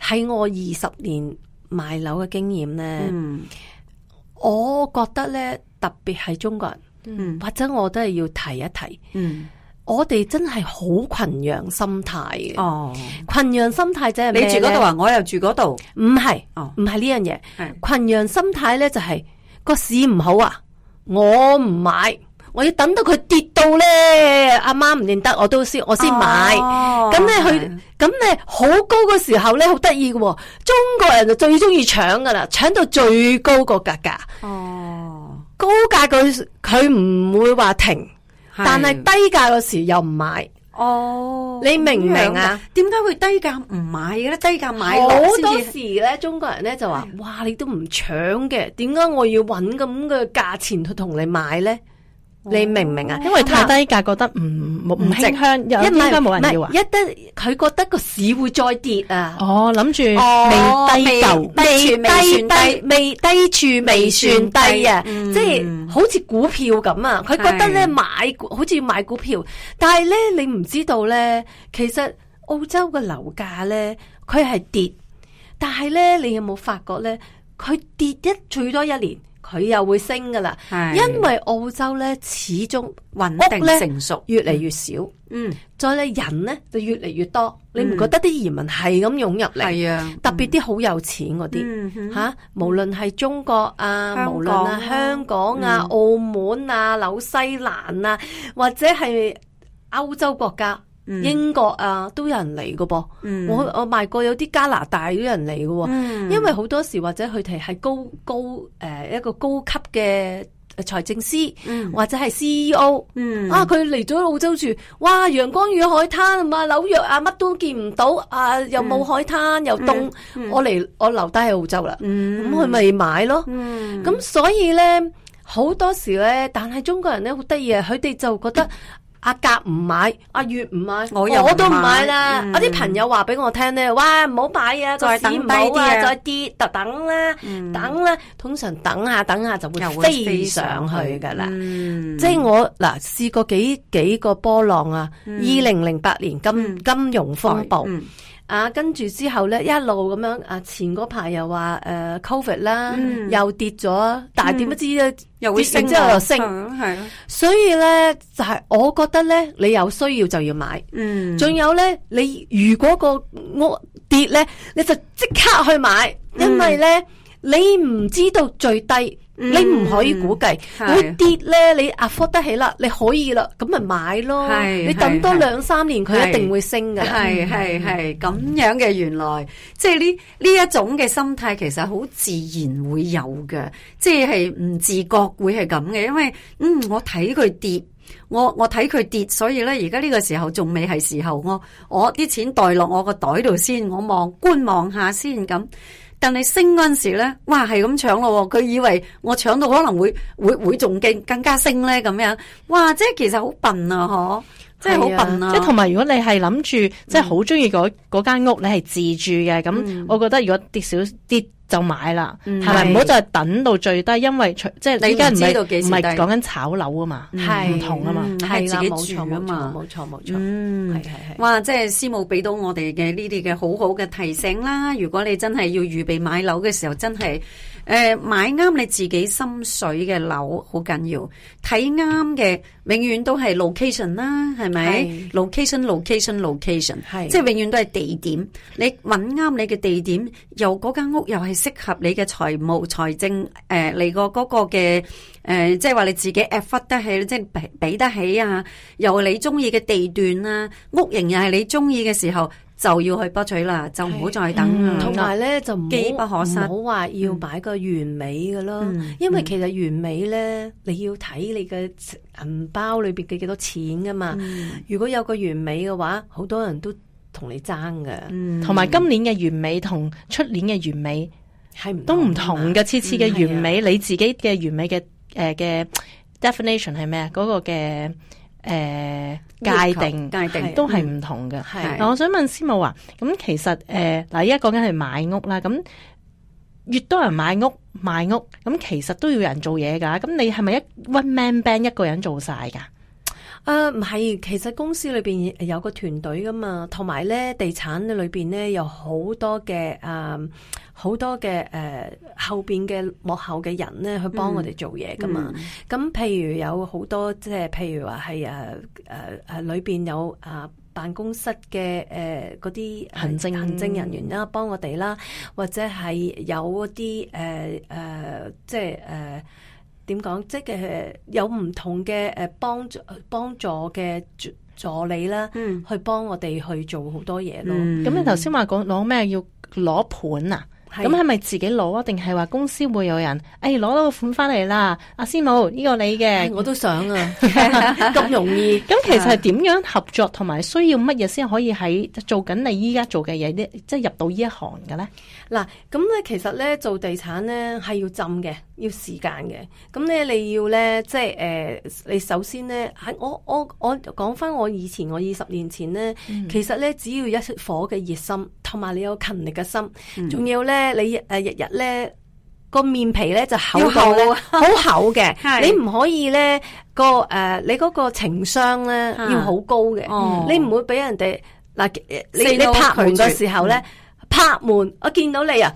C: 喺、嗯、我二十年賣樓嘅經驗咧、嗯，我覺得咧特別係中國人、嗯，或者我都係要提一提。嗯我哋真係好群羊心態嘅，哦，群羊心態就係你住嗰度啊，
A: 我又住嗰度，
C: 唔係，唔係呢樣嘢，群羊心態咧就係、是、個市唔好啊，我唔買，我要等到佢跌到咧，阿媽唔認得我，我都先我先買，咁咧去，咁咧好高嘅時候咧好得意嘅，中國人就最中意搶噶啦，搶到最高個價格，哦，高價佢佢唔會話停。但係低價嗰時又唔買，
A: 哦，你明唔明啊？
C: 點解會低價唔買嘅咧？低價買好多時咧，中國人咧就話，哇，你都唔搶嘅，點解我要揾咁嘅價錢去同你買咧？你明唔明啊？因為太低價，覺得唔唔清香，應該冇人要啊！一得佢覺得個市會再跌啊！哦，諗住未低就、哦、低，低低未低處未算低啊、嗯！即係好似股票咁啊！佢覺得咧買，好似買股票，但係咧你唔知道咧，其實澳洲嘅樓價咧，佢係跌，但係咧你有冇發覺咧，佢跌一最多一年。佢又會升噶啦，因為澳洲呢始終穩定成熟，越嚟越少。嗯，再咧人呢就越嚟越多，嗯、你唔覺得啲移民係咁湧入嚟、啊？特別啲好有錢嗰啲吓，無論係中國啊，無論啊香港啊，香港啊、嗯、澳門啊、紐西蘭啊，或者係歐洲國家。英國啊，都有人嚟噶噃，我我賣過有啲加拿大啲人嚟噶、嗯，因為好多時或者佢哋係高高誒、呃、一個高級嘅財政司，嗯、或者係 CEO，、嗯、啊佢嚟咗澳洲住，哇陽光與海灘啊嘛，紐約啊乜都見唔到啊，又冇海灘、嗯、又凍、嗯嗯，我嚟我留低喺澳洲啦，咁佢咪買咯，咁、嗯、所以咧好多時咧，但係中國人咧好得意啊，佢哋就覺得。嗯阿甲唔買，阿月唔買，我都唔買啦。我啲、嗯啊、朋友話俾我聽咧，哇，唔好買啊，再等唔好啊，再跌，特等啦、嗯，等啦，通常等下等下就會飛上去噶啦、嗯。即係我嗱試過幾幾個波浪啊，二零零八年金、嗯、金融風暴。啊，跟住之後呢，一路咁樣啊，前嗰排又話誒、呃、covid 啦，嗯、又跌咗，但係點不知跌、嗯、又會升，之後又升、啊啊，所以呢，就係、是、我覺得呢，你有需要就要買，嗯，仲有呢，你如果、個屋跌呢，你就即刻去買，因為呢，嗯、你唔知道最低。你唔可以估計會、嗯、跌咧，你 afford 得起啦，你可以啦，
A: 咁咪買咯。你等多兩三年，佢一定會升㗎。係係係咁樣嘅，原來即係呢呢一種嘅心態，其實好自然會有嘅，即係唔自覺會係咁嘅。因為嗯，我睇佢跌，我我睇佢跌，所以咧，而家呢個時候仲未係時候，我我啲錢我袋落我個袋度先，我望觀望下先咁。但你升嗰陣時咧，哇，係咁搶咯，佢以為我搶到可能會會會仲勁更加升咧咁樣，哇，即係其實好笨啊，嗬。即係好笨啦、啊，即係同
B: 埋如果你係諗住即係好中意嗰嗰間屋，你係自住嘅，咁、嗯、我覺得如果跌少啲就買啦，係咪唔好再等到最低？因為即係依家唔知道幾時，唔係講緊炒樓啊嘛，係、嗯、唔同啊嘛，係、嗯、自己住啊嘛，冇
A: 錯冇錯，嗯，係係係，哇，即係師母俾到我哋嘅呢啲嘅好好嘅提醒啦，如果你真係要預備買樓嘅時候，真係。誒，買啱你自己心水嘅樓好緊要，睇啱嘅永遠都係 location 啦，係咪？location location location，係即係永遠都係地點。你揾啱你嘅地點，又嗰間屋又係適合你嘅財務、財政誒、呃，你個嗰個嘅誒、呃，即係話你自己 afford 得起，即係俾得起啊。又你中意嘅地段啦、啊，屋型又係你中意嘅時候。就要去奪取啦，就唔好再等啦。同埋咧，就機不可失。唔好、嗯、話要擺個完美
C: 嘅咯、嗯，因為其實完美咧、嗯，你要睇你嘅銀包裏邊嘅幾多錢噶嘛、嗯。如果有個完美嘅話，好多人都同你爭㗎。
B: 同、嗯、埋今年嘅完美同出年嘅完美係都唔同嘅，次次嘅完美、嗯啊、你自己嘅完美嘅誒嘅 definition 係咩啊？嗰個嘅。誒，界定界定都係唔同嘅。我、嗯、我想問師母啊，咁其實誒，嗱，依家講緊係買屋啦。咁越多人買屋賣屋，咁其實都要人做嘢噶。咁你係咪一 one man band 一個人做晒噶？誒、呃，唔係，其實公司裏邊有個團隊噶嘛，同埋咧地產裏邊
C: 咧有好多嘅誒。呃好多嘅誒、呃、後邊嘅幕後嘅人咧，去幫我哋做嘢噶嘛？咁、嗯嗯、譬如有好多即係，譬如話係誒誒誒裏邊有啊、呃、辦公室嘅誒嗰啲行政行政人員啦，幫我哋啦，或者係有啲誒誒即係誒點講，即嘅、呃、有唔同嘅誒幫助幫助嘅助理啦，嗯、去幫我哋去做好多嘢咯。咁、嗯嗯、你頭先
B: 話講攞咩要攞盤啊？咁係咪自己攞啊？定係話公司會有人？誒、哎，攞到個款翻嚟啦！阿、啊、師母，呢個你嘅，我都想啊，咁 容易。咁 其實係點樣合作同埋需要乜嘢先可以喺做緊你依家做嘅嘢？即、就、係、是、入到呢一行嘅咧？
C: 嗱，咁咧其實咧做地產咧係要浸嘅，要時間嘅。咁咧你要咧即係誒、呃，你首先咧喺我我我講翻我以前我二十年前咧、嗯，其實咧只要一火嘅熱心。同埋你有勤力嘅心，仲要咧你誒日日咧個面皮咧就厚到咧，好厚嘅。你唔可以咧個誒，你嗰個情商咧要好高嘅。你唔會俾人哋嗱，你你拍門嘅時候咧拍門，我見到你啊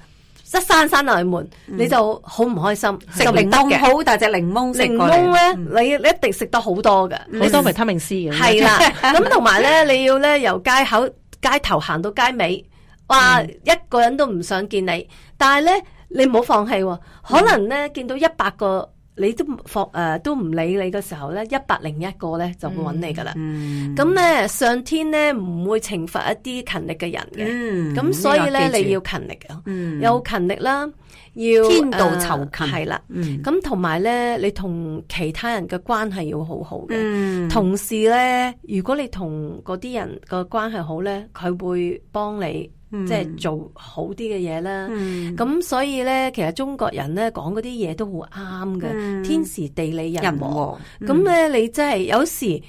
C: 一閂閂埋門，你就好唔開心。食檸檬好大隻檸檬，檸檬咧你你一定食得好多㗎，好多維他命 C 嘅。係啦，咁同埋咧你要咧由街口街頭行到街尾。話、嗯、一個人都唔想見你，但係咧你唔好放棄、哦，可能咧、嗯、見到一百個你都放誒都唔理你嘅時候咧，一百零一個咧就會揾你噶啦。咁、嗯、咧、嗯嗯、上天咧唔會懲罰一啲勤力嘅人嘅，咁、嗯嗯、所以咧你要勤力啊、嗯，有勤力啦，要天道酬勤係啦。咁同埋咧，你同其他人嘅關係要好好嘅、嗯，同時咧，如果你同嗰啲人嘅關係好咧，佢會幫你。嗯、即係做好啲嘅嘢啦，咁、嗯、所以咧，其實中國人咧講嗰啲嘢都好啱嘅，天時地利人和。咁咧、嗯，你即係有時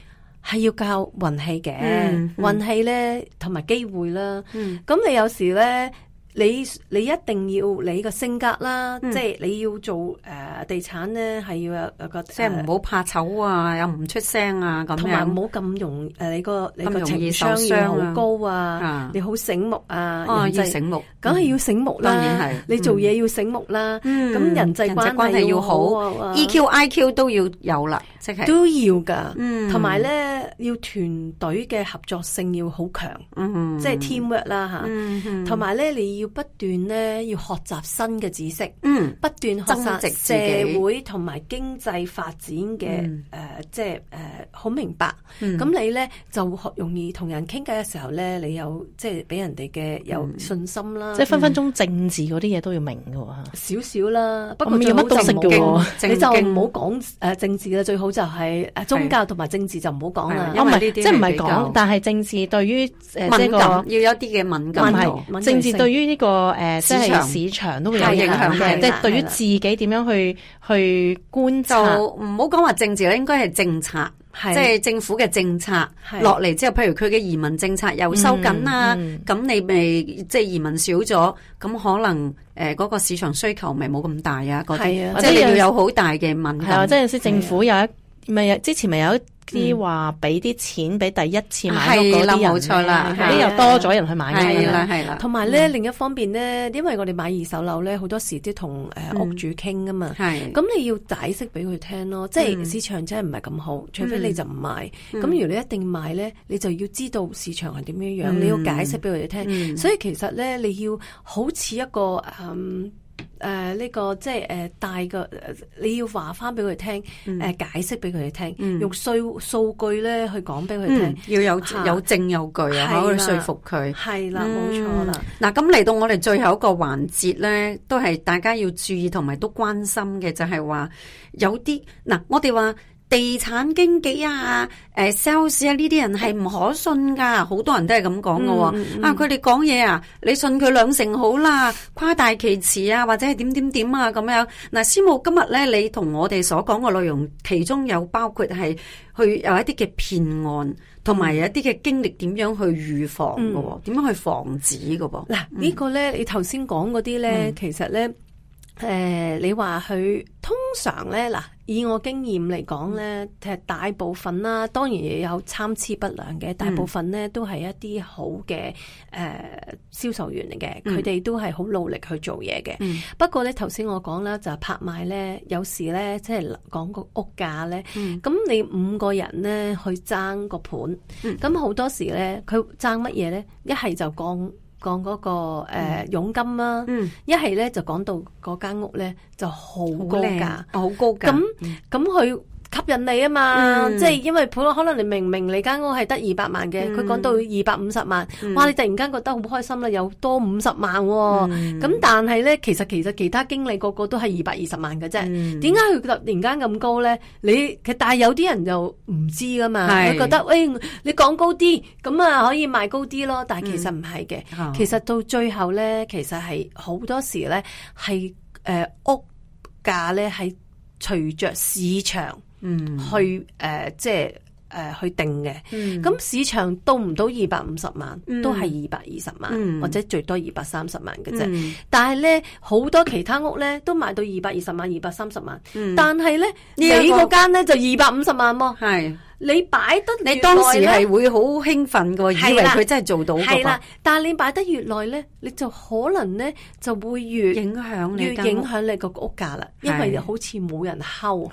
C: 係要靠運氣嘅，運氣咧同埋機會啦。咁、嗯、你有時咧。你你一定要你個性格啦，嗯、即係你要做
A: 誒、呃、地產咧，係要有一個、呃、即係唔好怕醜啊，又唔出聲啊咁，同埋唔
C: 好咁容誒、呃、你個你個情商要好高啊，嗯、
A: 你好醒目啊，
C: 哦、要醒目，梗、嗯、係要醒目啦，當然、嗯，你做嘢要醒目啦，咁、嗯、人際關係要好，啊、人際要好
A: ，EQ IQ 都要有啦，即係都要噶，同埋咧
C: 要團隊嘅合作性要好強，即、嗯、係、就是、teamwork 啦吓，同埋咧你要。要不斷咧，要學習新嘅知識，嗯、不斷學習社會同埋經濟發展嘅誒、嗯呃，即係誒，好、呃、明白。咁、嗯、你咧就容易同人傾偈嘅時候咧，你有即係俾人哋嘅有信心啦、嗯嗯。即係分分鐘
B: 政治嗰啲嘢都要明㗎喎，
C: 少少啦。不過要乜都識嘅，你就唔好講誒政治啦。最好就係宗教同埋政治就唔好
A: 講啦。因為唔係即係唔係講，但
B: 係政治對於誒、啊這個、
A: 要有啲嘅敏感係政治對於。
B: 呢、這個誒、呃、市場市場都會有，有影響嘅，即、就、係、是、對於自己點樣去
A: 去觀察，就唔好講話政治咧，應該係政策，即係、就是、政府嘅政策落嚟之後，譬如佢嘅移民政策又收緊啦，咁、嗯嗯、你咪即係移民少咗，咁可能誒嗰、呃那個市場需求咪冇咁大啊，嗰啲即係要有好大嘅問題，即係政府
B: 有一咪有之前咪有。啲話俾啲錢俾第一次買屋嗰啲人，冇錯啦，啲又多咗人去買啦。係啦，同埋咧，
C: 另一方面咧，因為我哋買二手樓咧，好多時都同誒屋主傾噶嘛。係，咁你要解釋俾佢聽咯，即係、就是、市場真係唔係咁好是，除非你就唔賣。咁如果你一定賣咧，你就要知道市場係點樣樣，你要解釋俾佢哋聽是。所以其實咧，你要好似一個嗯。誒、呃、呢、這個即係誒、呃，大個你要話翻俾佢聽，誒，解釋俾佢聽，用數數據咧去講俾佢聽，要
A: 有、啊、有證有據有可以、嗯、啊，喺嗰度說服佢，係啦，冇錯啦。嗱，咁嚟到我哋最後一個環節咧，都係大家要注意同埋都關心嘅，就係話有啲嗱、啊，我哋話。地產經紀啊，誒，sales 啊，呢啲人係唔可信噶，好、嗯、多人都係咁講噶。啊，佢哋講嘢啊，你信佢兩成好啦，誇大其詞啊，或者係點點點啊咁樣。嗱、啊，師母今日咧，你同我哋所講嘅內容，其中有包括係去有一啲嘅騙案，同、嗯、埋有一啲嘅經歷，點樣去預防噶？點、嗯、樣去防止噶？嗱、嗯，啊這個、呢個咧，你頭先講嗰啲咧，其實咧。誒、呃，你話佢
C: 通常咧，嗱，以我經驗嚟講咧，其、嗯、實大部分啦，當然也有參差不量嘅，大部分咧都係一啲好嘅誒銷售員嚟嘅，佢、嗯、哋都係好努力去做嘢嘅、嗯。不過咧，頭先我講啦，就拍賣咧，有時咧即係講個屋價咧，咁、嗯、你五個人咧去爭個盤，咁、嗯、好多時咧佢爭乜嘢咧？一係就講。講嗰個、那個、呃、佣金啦、啊，一係咧就講到嗰間屋咧就好高價，好高價。咁咁佢、嗯吸引你啊嘛，嗯、即係因為普通可能你明明你間屋係得二百萬嘅，佢、嗯、講到二百五十萬、嗯，哇！你突然間覺得好開心啦，有多五十萬、哦，咁、嗯、但係咧，其實其實其他經理個個都係二百二十萬嘅啫，點解佢突然間咁高咧？你其實但係有啲人就唔知噶嘛，覺得喂、哎、你講高啲，咁啊可以賣高啲咯，但係其實唔係嘅，其實到最後咧、嗯，其實係好多時咧係誒屋價咧係隨着市場。嗯、去誒、呃，即係誒、呃，去定嘅。咁、嗯、市場到唔到二百五十萬，都係二百二十萬、嗯、或者最多二百三十萬嘅啫、嗯。但係咧，好多其他屋咧都賣到二百二十萬、二百三十萬。嗯、但係咧，你嗰間咧就二百
A: 五十萬嘛。係。你擺得越耐你當時係會好興奮嘅、啊，以為佢真係做到好嘛？啦、啊，
C: 但係你擺得越耐咧，你就可能咧就會越影響你。越影響你個屋價啦，因為好似冇人睺，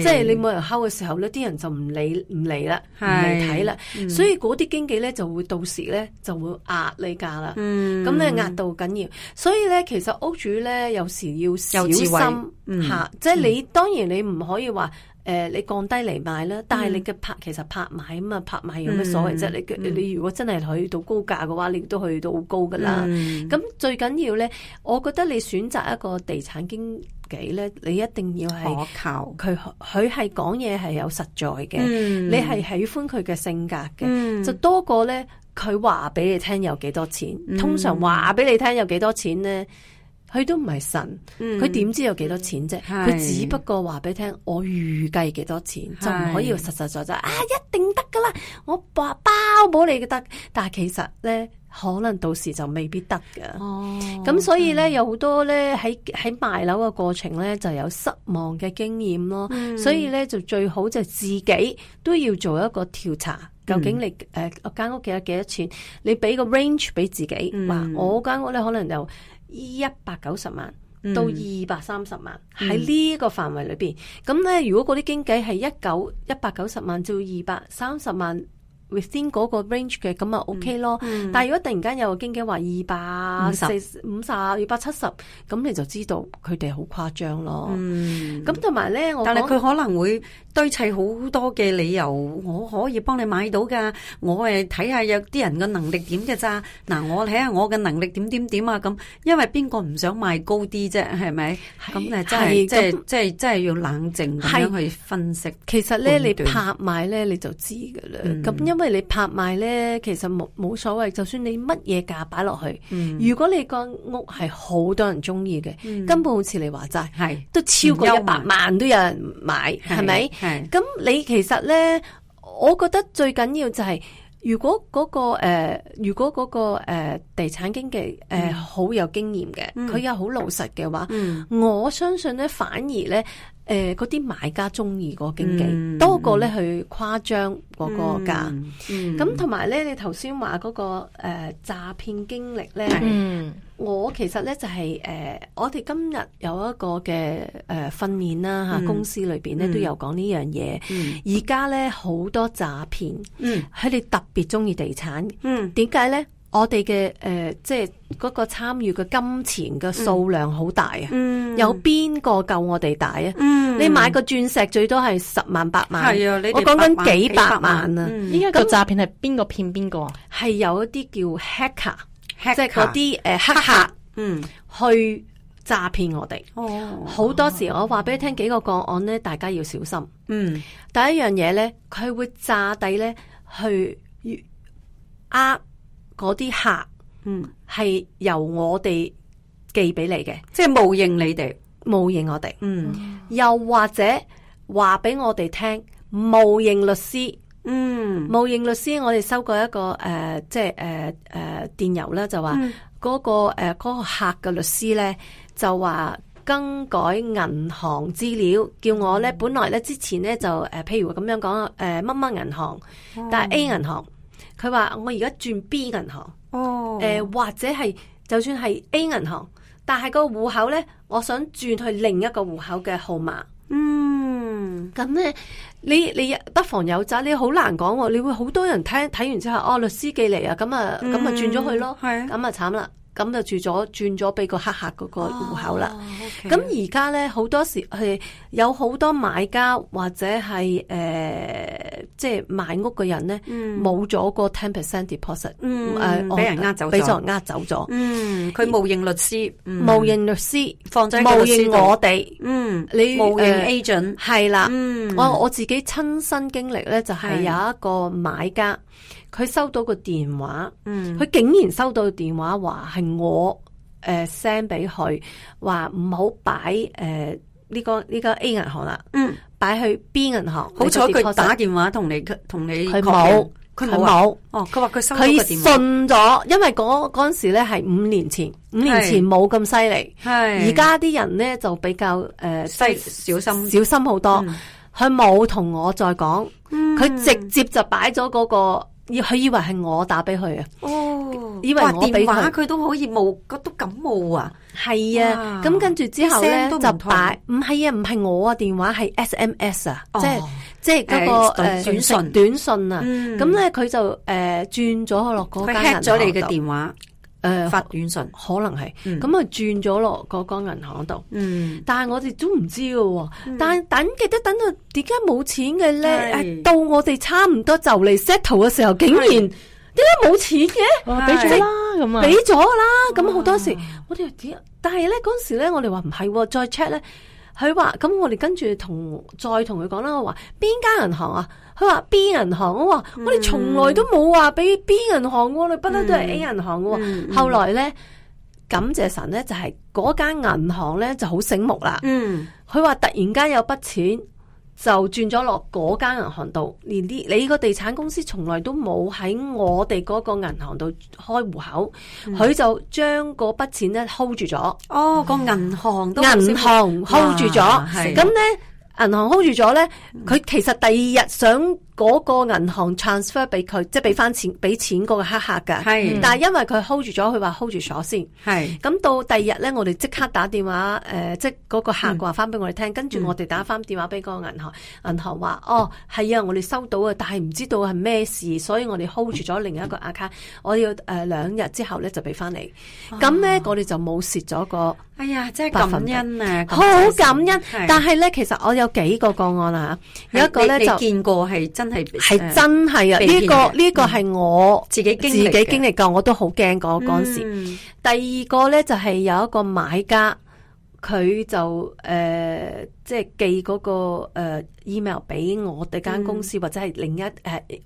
C: 即係、就是、你冇人睺嘅時候咧，啲人就唔理唔嚟啦，唔嚟睇啦，所以嗰啲經紀咧就會到時咧就會壓你價啦。嗯，咁你壓到緊要，所以咧其實屋主咧有時要小心嚇，即係、嗯就是、你、嗯、當然你唔可以話。誒、呃，你降低嚟賣啦，但係你嘅拍、嗯、其實拍賣啊嘛，拍賣有咩所謂啫、嗯？你你如果真係去到高價嘅話，你都去到好高噶啦。咁、嗯、最緊要咧，我覺得你選擇一個地產經紀咧，你一定要係可靠，佢佢係講嘢係有實在嘅、嗯，你係喜歡佢嘅性格嘅、嗯，就多過咧佢話俾你聽有幾多錢、嗯。通常話俾你聽有幾多錢咧。佢都唔係神，佢、嗯、點知有幾多錢啫？佢只不過話俾你聽，我預計幾多錢就唔可以實實在在啊！一定得噶啦，我包包保你嘅得，但係其實咧可能到時就未必得㗎。咁、哦、所以咧有好多咧喺喺賣樓嘅過程咧就有失望嘅經驗咯。嗯、所以咧就最好就自己都要做一個調查，嗯、究竟你誒間、呃、屋企得幾多錢？你俾個 range 俾自己，話、嗯、我間屋咧可能就。一百九十萬到二百三十萬喺、嗯、呢、嗯、個範圍裏邊，咁呢，如果嗰啲經紀係一九一百九十萬到二百三十萬 within 嗰個 range 嘅，咁啊 OK 咯。嗯嗯、但係如果突然間有個經紀話二百四十、五十、二百七十，咁你就知道佢哋好誇
A: 張咯。咁同埋呢，我但係佢可能會。堆砌好多嘅理由，我可以幫你買到噶。我係睇下有啲人嘅能力點嘅咋？嗱，我睇下我嘅能力點點點啊咁。因為邊個唔想賣高啲啫？係咪？咁誒，真係即係即係真係要冷靜咁樣去分析。其實咧，你拍賣咧，你就知噶
C: 啦。咁、嗯、因為你拍賣咧，其實冇冇所謂。就算你乜嘢價擺落去、嗯，如果你個屋係好多人中意嘅，根本好似你話齋，係都超過一百萬都有人買，係咪？咁你其實咧，我覺得最緊要就係如果嗰個誒，如果嗰、嗰個誒、呃嗰個呃、地產經紀誒好有經驗嘅，佢、嗯、又好老實嘅話、嗯，我相信咧反而咧誒嗰啲買家中意個經紀、嗯、多過咧、嗯、去誇張嗰個價。咁同埋咧，你頭先話嗰個誒詐騙經歷咧。嗯我其實咧就係、是、誒、呃，我哋今日有一個嘅誒訓練啦吓，公司裏邊咧都有講呢樣嘢。而家咧好多詐騙，嗯、佢哋、嗯、特別中意地產。嗯、點解咧？我哋嘅誒，即係嗰個參與嘅金錢嘅數量好大啊、嗯！有邊個夠我哋大
B: 啊、嗯？你買個鑽石最多係十萬八萬，係啊！我講緊幾百萬,百萬啊！呢、嗯、一、那個詐騙係邊個騙邊個？係
C: 有一啲叫 hacker。Hacker，即係嗰啲誒黑客，嗯、哦，去詐騙我哋。好多時我話俾你聽幾個個案咧，大家要小心。嗯，第一樣嘢咧，佢會詐諦咧去呃嗰啲客。嗯，係由我哋寄俾你嘅，即係冒認你哋，冒認我哋。嗯，又或者話俾我哋聽，冒認律師。嗯，冒認律師，我哋收過一個誒、呃，即係誒誒電郵啦，就話嗰、嗯那個誒嗰、呃那個客嘅律師咧，就話更改銀行資料，叫我咧、嗯、本來咧之前咧就誒、呃，譬如咁樣講誒乜乜銀行，
A: 但係 A 銀行，
C: 佢話我而家轉 B 銀行哦，誒或者係就算係 A 銀行，但係個戶口咧，我想轉去另一個戶口嘅號碼。嗯，咁咧。你你不妨有責，你好難講，你會好多人聽睇完之後哦，律師寄嚟啊，咁啊咁啊轉咗去咯，係啊，咁啊慘啦。咁就住咗，轉咗俾個黑客嗰個戶口啦。咁而家咧，好多時係有好多買家或者係誒、呃，即係賣屋嘅人咧，冇咗個 ten percent deposit，嗯誒俾人呃走，俾人呃走咗。嗯，佢、
A: 嗯 uh, 嗯、無認律，、嗯律，嗯、律師，無認律師放咗無認我哋。
C: 嗯，你無認 agent
A: 係、呃、啦。嗯，我我
C: 自己親身經歷咧就係有一個買家。佢收到個電話，嗯，佢竟然收到個電話話係我誒 send 俾佢話唔好擺誒呢個呢個 A 銀行啦，嗯，擺去 B 銀行。好彩佢打電
A: 話同你同你佢冇佢冇，哦，佢話佢收佢信
C: 咗，因為嗰嗰陣時咧係五年前，五年前冇咁犀利，係而家啲人咧就比較誒細、呃、小心小心好多。佢冇同我再講，
A: 佢、嗯、直
C: 接就擺咗嗰個。佢以為係我打俾佢
A: 啊，以為我俾佢，佢都好熱冒，都感冒啊。
C: 係啊，咁跟住之後咧就打，唔係啊，唔係我啊，電話係 SMS 啊，哦、即係即係嗰個誒、哎、短信短信啊。咁咧佢就誒轉咗落嗰家你嘅電話誒發短信、呃、可能係，咁、嗯、啊轉咗落嗰間銀行度。嗯，但係我哋都唔知嘅喎、嗯。但係等極都等到點解冇錢嘅咧、嗯？到我哋差唔多就嚟 settle 嘅時候，竟然點解冇錢嘅？俾咗啦，咁啊，俾咗啦。咁好多時我哋點？但係咧嗰陣時咧，我哋話唔係喎，再 check 咧，佢話咁我哋跟住同再同佢講啦，我話邊間銀行啊？佢話 B 銀行，我話我哋從來都冇話俾 B 銀行，我、嗯、哋不嬲都係 A 銀行、嗯。後來呢，感謝神呢，就係嗰間銀行呢就好醒目啦。嗯，佢話突然間有筆錢就轉咗落嗰間銀行度，連啲你個地產公司從來都冇喺我哋嗰個銀行度開戶口，佢、嗯、就將嗰筆錢呢 hold 住咗。
A: 哦，嗯，那個銀行銀行 hold 住咗，咁
C: 呢銀行 hold 住咗咧，佢其實第二日想。嗰、那個銀行 transfer 俾佢，即係俾翻錢俾錢嗰個黑客㗎。係，但係因為佢 hold 住咗，佢話 hold 住鎖先。係。咁到第二日咧，我哋即刻打電話，誒、呃，即係嗰個客話翻俾我哋聽，跟、嗯、住我哋打翻電話俾嗰個銀行，嗯、銀行話：哦，係啊，我哋收到啊，但係唔知道係咩事，所以我哋 hold 住咗另一個 account，、嗯、我要誒、呃、兩日之後咧就俾翻你。咁、啊、咧，我哋就冇蝕咗個。哎
A: 呀，即、就、係、是、感恩啊！好感恩。但係
C: 咧，其實我有幾個個案啊，有一個咧就你見
A: 過係真真係、係真係啊！呢、這個呢、這
C: 個係我自己經歷、嗯、自己經歷過我都好驚嗰嗰陣時、嗯。第二個呢，就係、是、有一個買家，佢就誒即係寄嗰、那個誒、呃、email 俾我哋間公司，嗯、或者係另一誒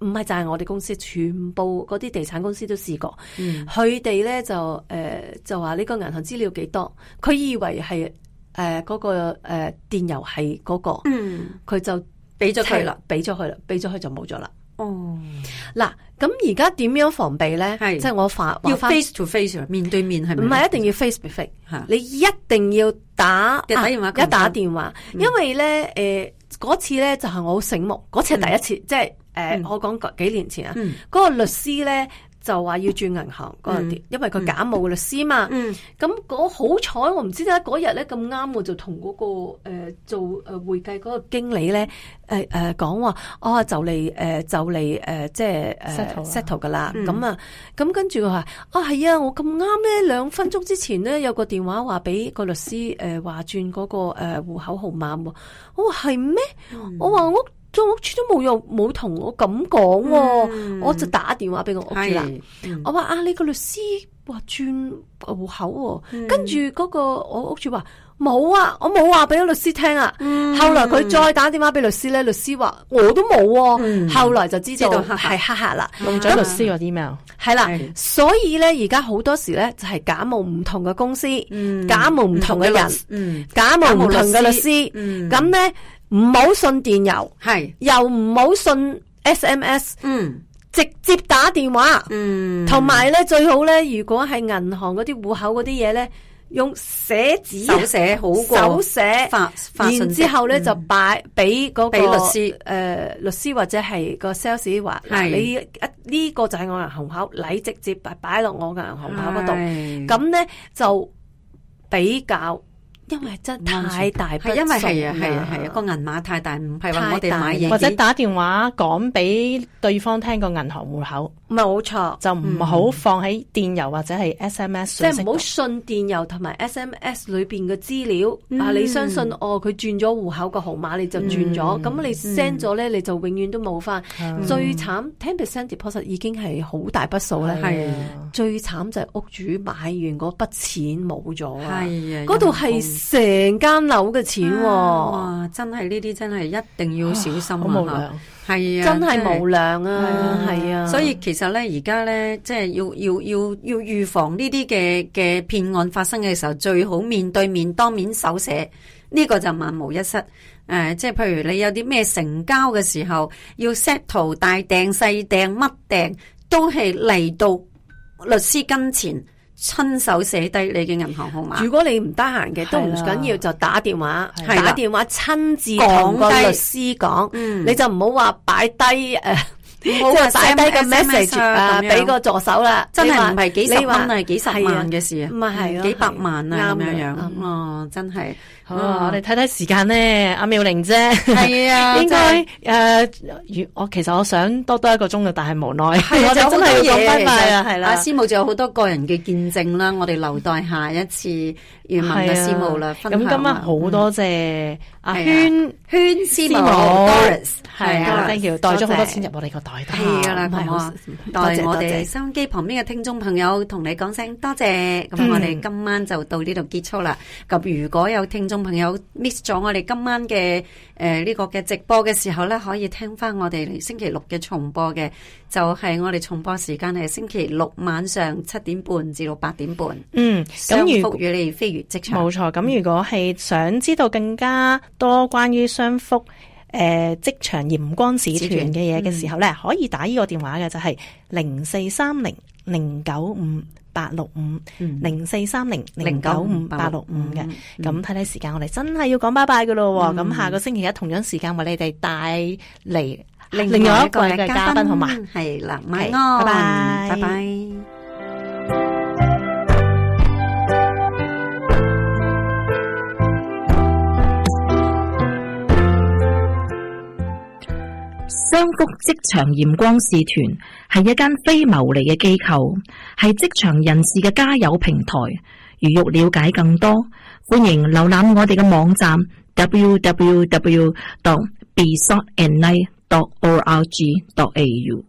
C: 唔係就係我哋公司，全部嗰啲地產公司都試過。佢、嗯、哋呢，就誒、呃、就話呢個銀行資料幾多，佢以為係誒嗰個誒電郵係嗰個，佢、呃那個嗯、就。俾咗佢啦，俾咗佢啦，俾咗佢就冇咗啦。
A: 哦、oh.
C: 啊，嗱，咁而家點樣防備咧？係即係我發要 face to
A: face 面對面係咪？唔係一
C: 定要 face to face，你一定要打、啊打電話啊、一打電話，嗯、因為咧，誒、呃，嗰次咧就係、是、我好醒目，嗰次係第一次，嗯、即係誒、呃嗯，我講幾年前啊，嗰、嗯那個律師咧。就話要轉銀行嗰、嗯、因為佢假冒律師嘛。咁、嗯那個、好彩，我唔知點解嗰日咧咁啱，我就同嗰、那個誒、呃、做誒、呃、會計個經理咧誒誒講話，我就嚟誒就嚟誒即係 settle settle 噶啦。咁啊咁跟住佢話啊係啊，我咁啱咧兩分鐘之前咧有個電話話俾個律師誒話轉嗰個誒戶口號碼、哦。我話係咩？我話我。做屋主都冇用，冇同我咁講、哦嗯，我就打電話俾我屋主啦、嗯。我話啊，你個律師話轉、哦嗯那個戶口，跟住嗰個我屋主話冇啊，我冇話俾個律師聽啊、嗯。後來佢再打電話俾律師咧，律師話我都冇、啊嗯。後來就知道係黑客啦，用咗律師個 email。係啦，所以咧而家好多時咧就係假冒唔同嘅公司，嗯、假冒唔同嘅人，嗯、假冒唔同嘅律師。咁咧。嗯唔好信電郵，係又唔好信 SMS，嗯，直接打電話，嗯，同埋咧最好咧，如果係銀行嗰啲戶口嗰啲嘢咧，用寫紙手寫好過手寫發發信之後咧，就擺俾嗰個誒律師或者係個 sales 話，係你一呢個就係我銀行口你，直接擺落我銀行口嗰度，咁
B: 咧就比較。因為真係太大，係因為係啊係啊係啊個
A: 銀碼太大，唔係話我哋買嘢，或者打
B: 電話講俾對方聽個銀行戶口，冇錯就唔好放喺電郵或者係 SMS、嗯嗯。即係唔好信電郵同埋 SMS 裏面嘅資料啊、嗯！你相信哦，佢轉咗
C: 戶口個號碼你就轉咗，咁、嗯、你 send 咗咧你就永遠都冇翻、嗯。最慘 ten percent deposit 已經係好大筆數啦、啊嗯，最慘就係屋主買完嗰筆錢冇咗啊！嗰度係。成間樓嘅錢、啊啊，哇！
A: 真係呢啲真係一定要小心啊，係、啊、真係無良啊，係啊，啊，啊，啊！所以其實呢，而家呢，即係要要要要預防呢啲嘅嘅騙案發生嘅時候，最好面對面當面手寫，呢、呢個就萬無一失。誒、啊，即係譬如你有啲咩成交嘅時候，要 set 圖大訂細訂乜訂，都係嚟到律師跟前。親手寫低你嘅銀行號碼。如果你唔得閒嘅，都唔緊要，就打電話，打電話
C: 親自同個律師講、嗯。你就唔好話擺低誒，即係
A: 擺低個 message 啊，俾、就是、個
B: 助手啦。真係唔係幾十蚊，真係幾十萬嘅
A: 事啊，唔係幾百萬啊咁樣樣。哦，真係。啊！我哋睇
B: 睇時間咧，阿妙玲姐，係啊，應該誒，我其實我想多多一個鐘
A: 嘅，但係無奈，係我哋真係要講拜拜啊，係啦。師母仲有好多個人嘅見證啦，我哋留待下一次完嘅師母啦。咁今晚好多謝阿軒軒師母，係啊，thank you，帶咗好多錢入我哋個袋，係噶啦，係啊，多謝我哋收音機旁邊嘅聽眾朋友，同你講聲多謝。咁我哋今晚就到呢度結束啦。咁如果有聽眾，朋友 miss 咗我哋今晚嘅誒呢個嘅直播嘅時候咧，可以聽翻我哋星期六嘅重播嘅，就係、是、我哋重播時間係星期六晚上七點半至到八點半。
B: 嗯，咁商福
A: 與你飛越職場，冇
B: 錯。咁如果係想知道更加多關於商福誒職、呃、場鹽光時段嘅嘢嘅時候咧，可以打呢個電話嘅就係零四三零零九五。八六五零四三零零九五八六五嘅。咁睇睇時間，我哋真係要講拜拜噶咯。咁下個星期一同樣時間，我哋哋帶嚟另外一個嘅嘉賓好嘛？
A: 係啦，晚安，拜拜，拜拜。
B: 商福職場嚴光視團。係一間非牟利嘅機構，係職場人士嘅加油平
C: 台。如欲了解更多，歡迎瀏覽我哋嘅網站
B: ：www.dot.bsni.org.dot.au。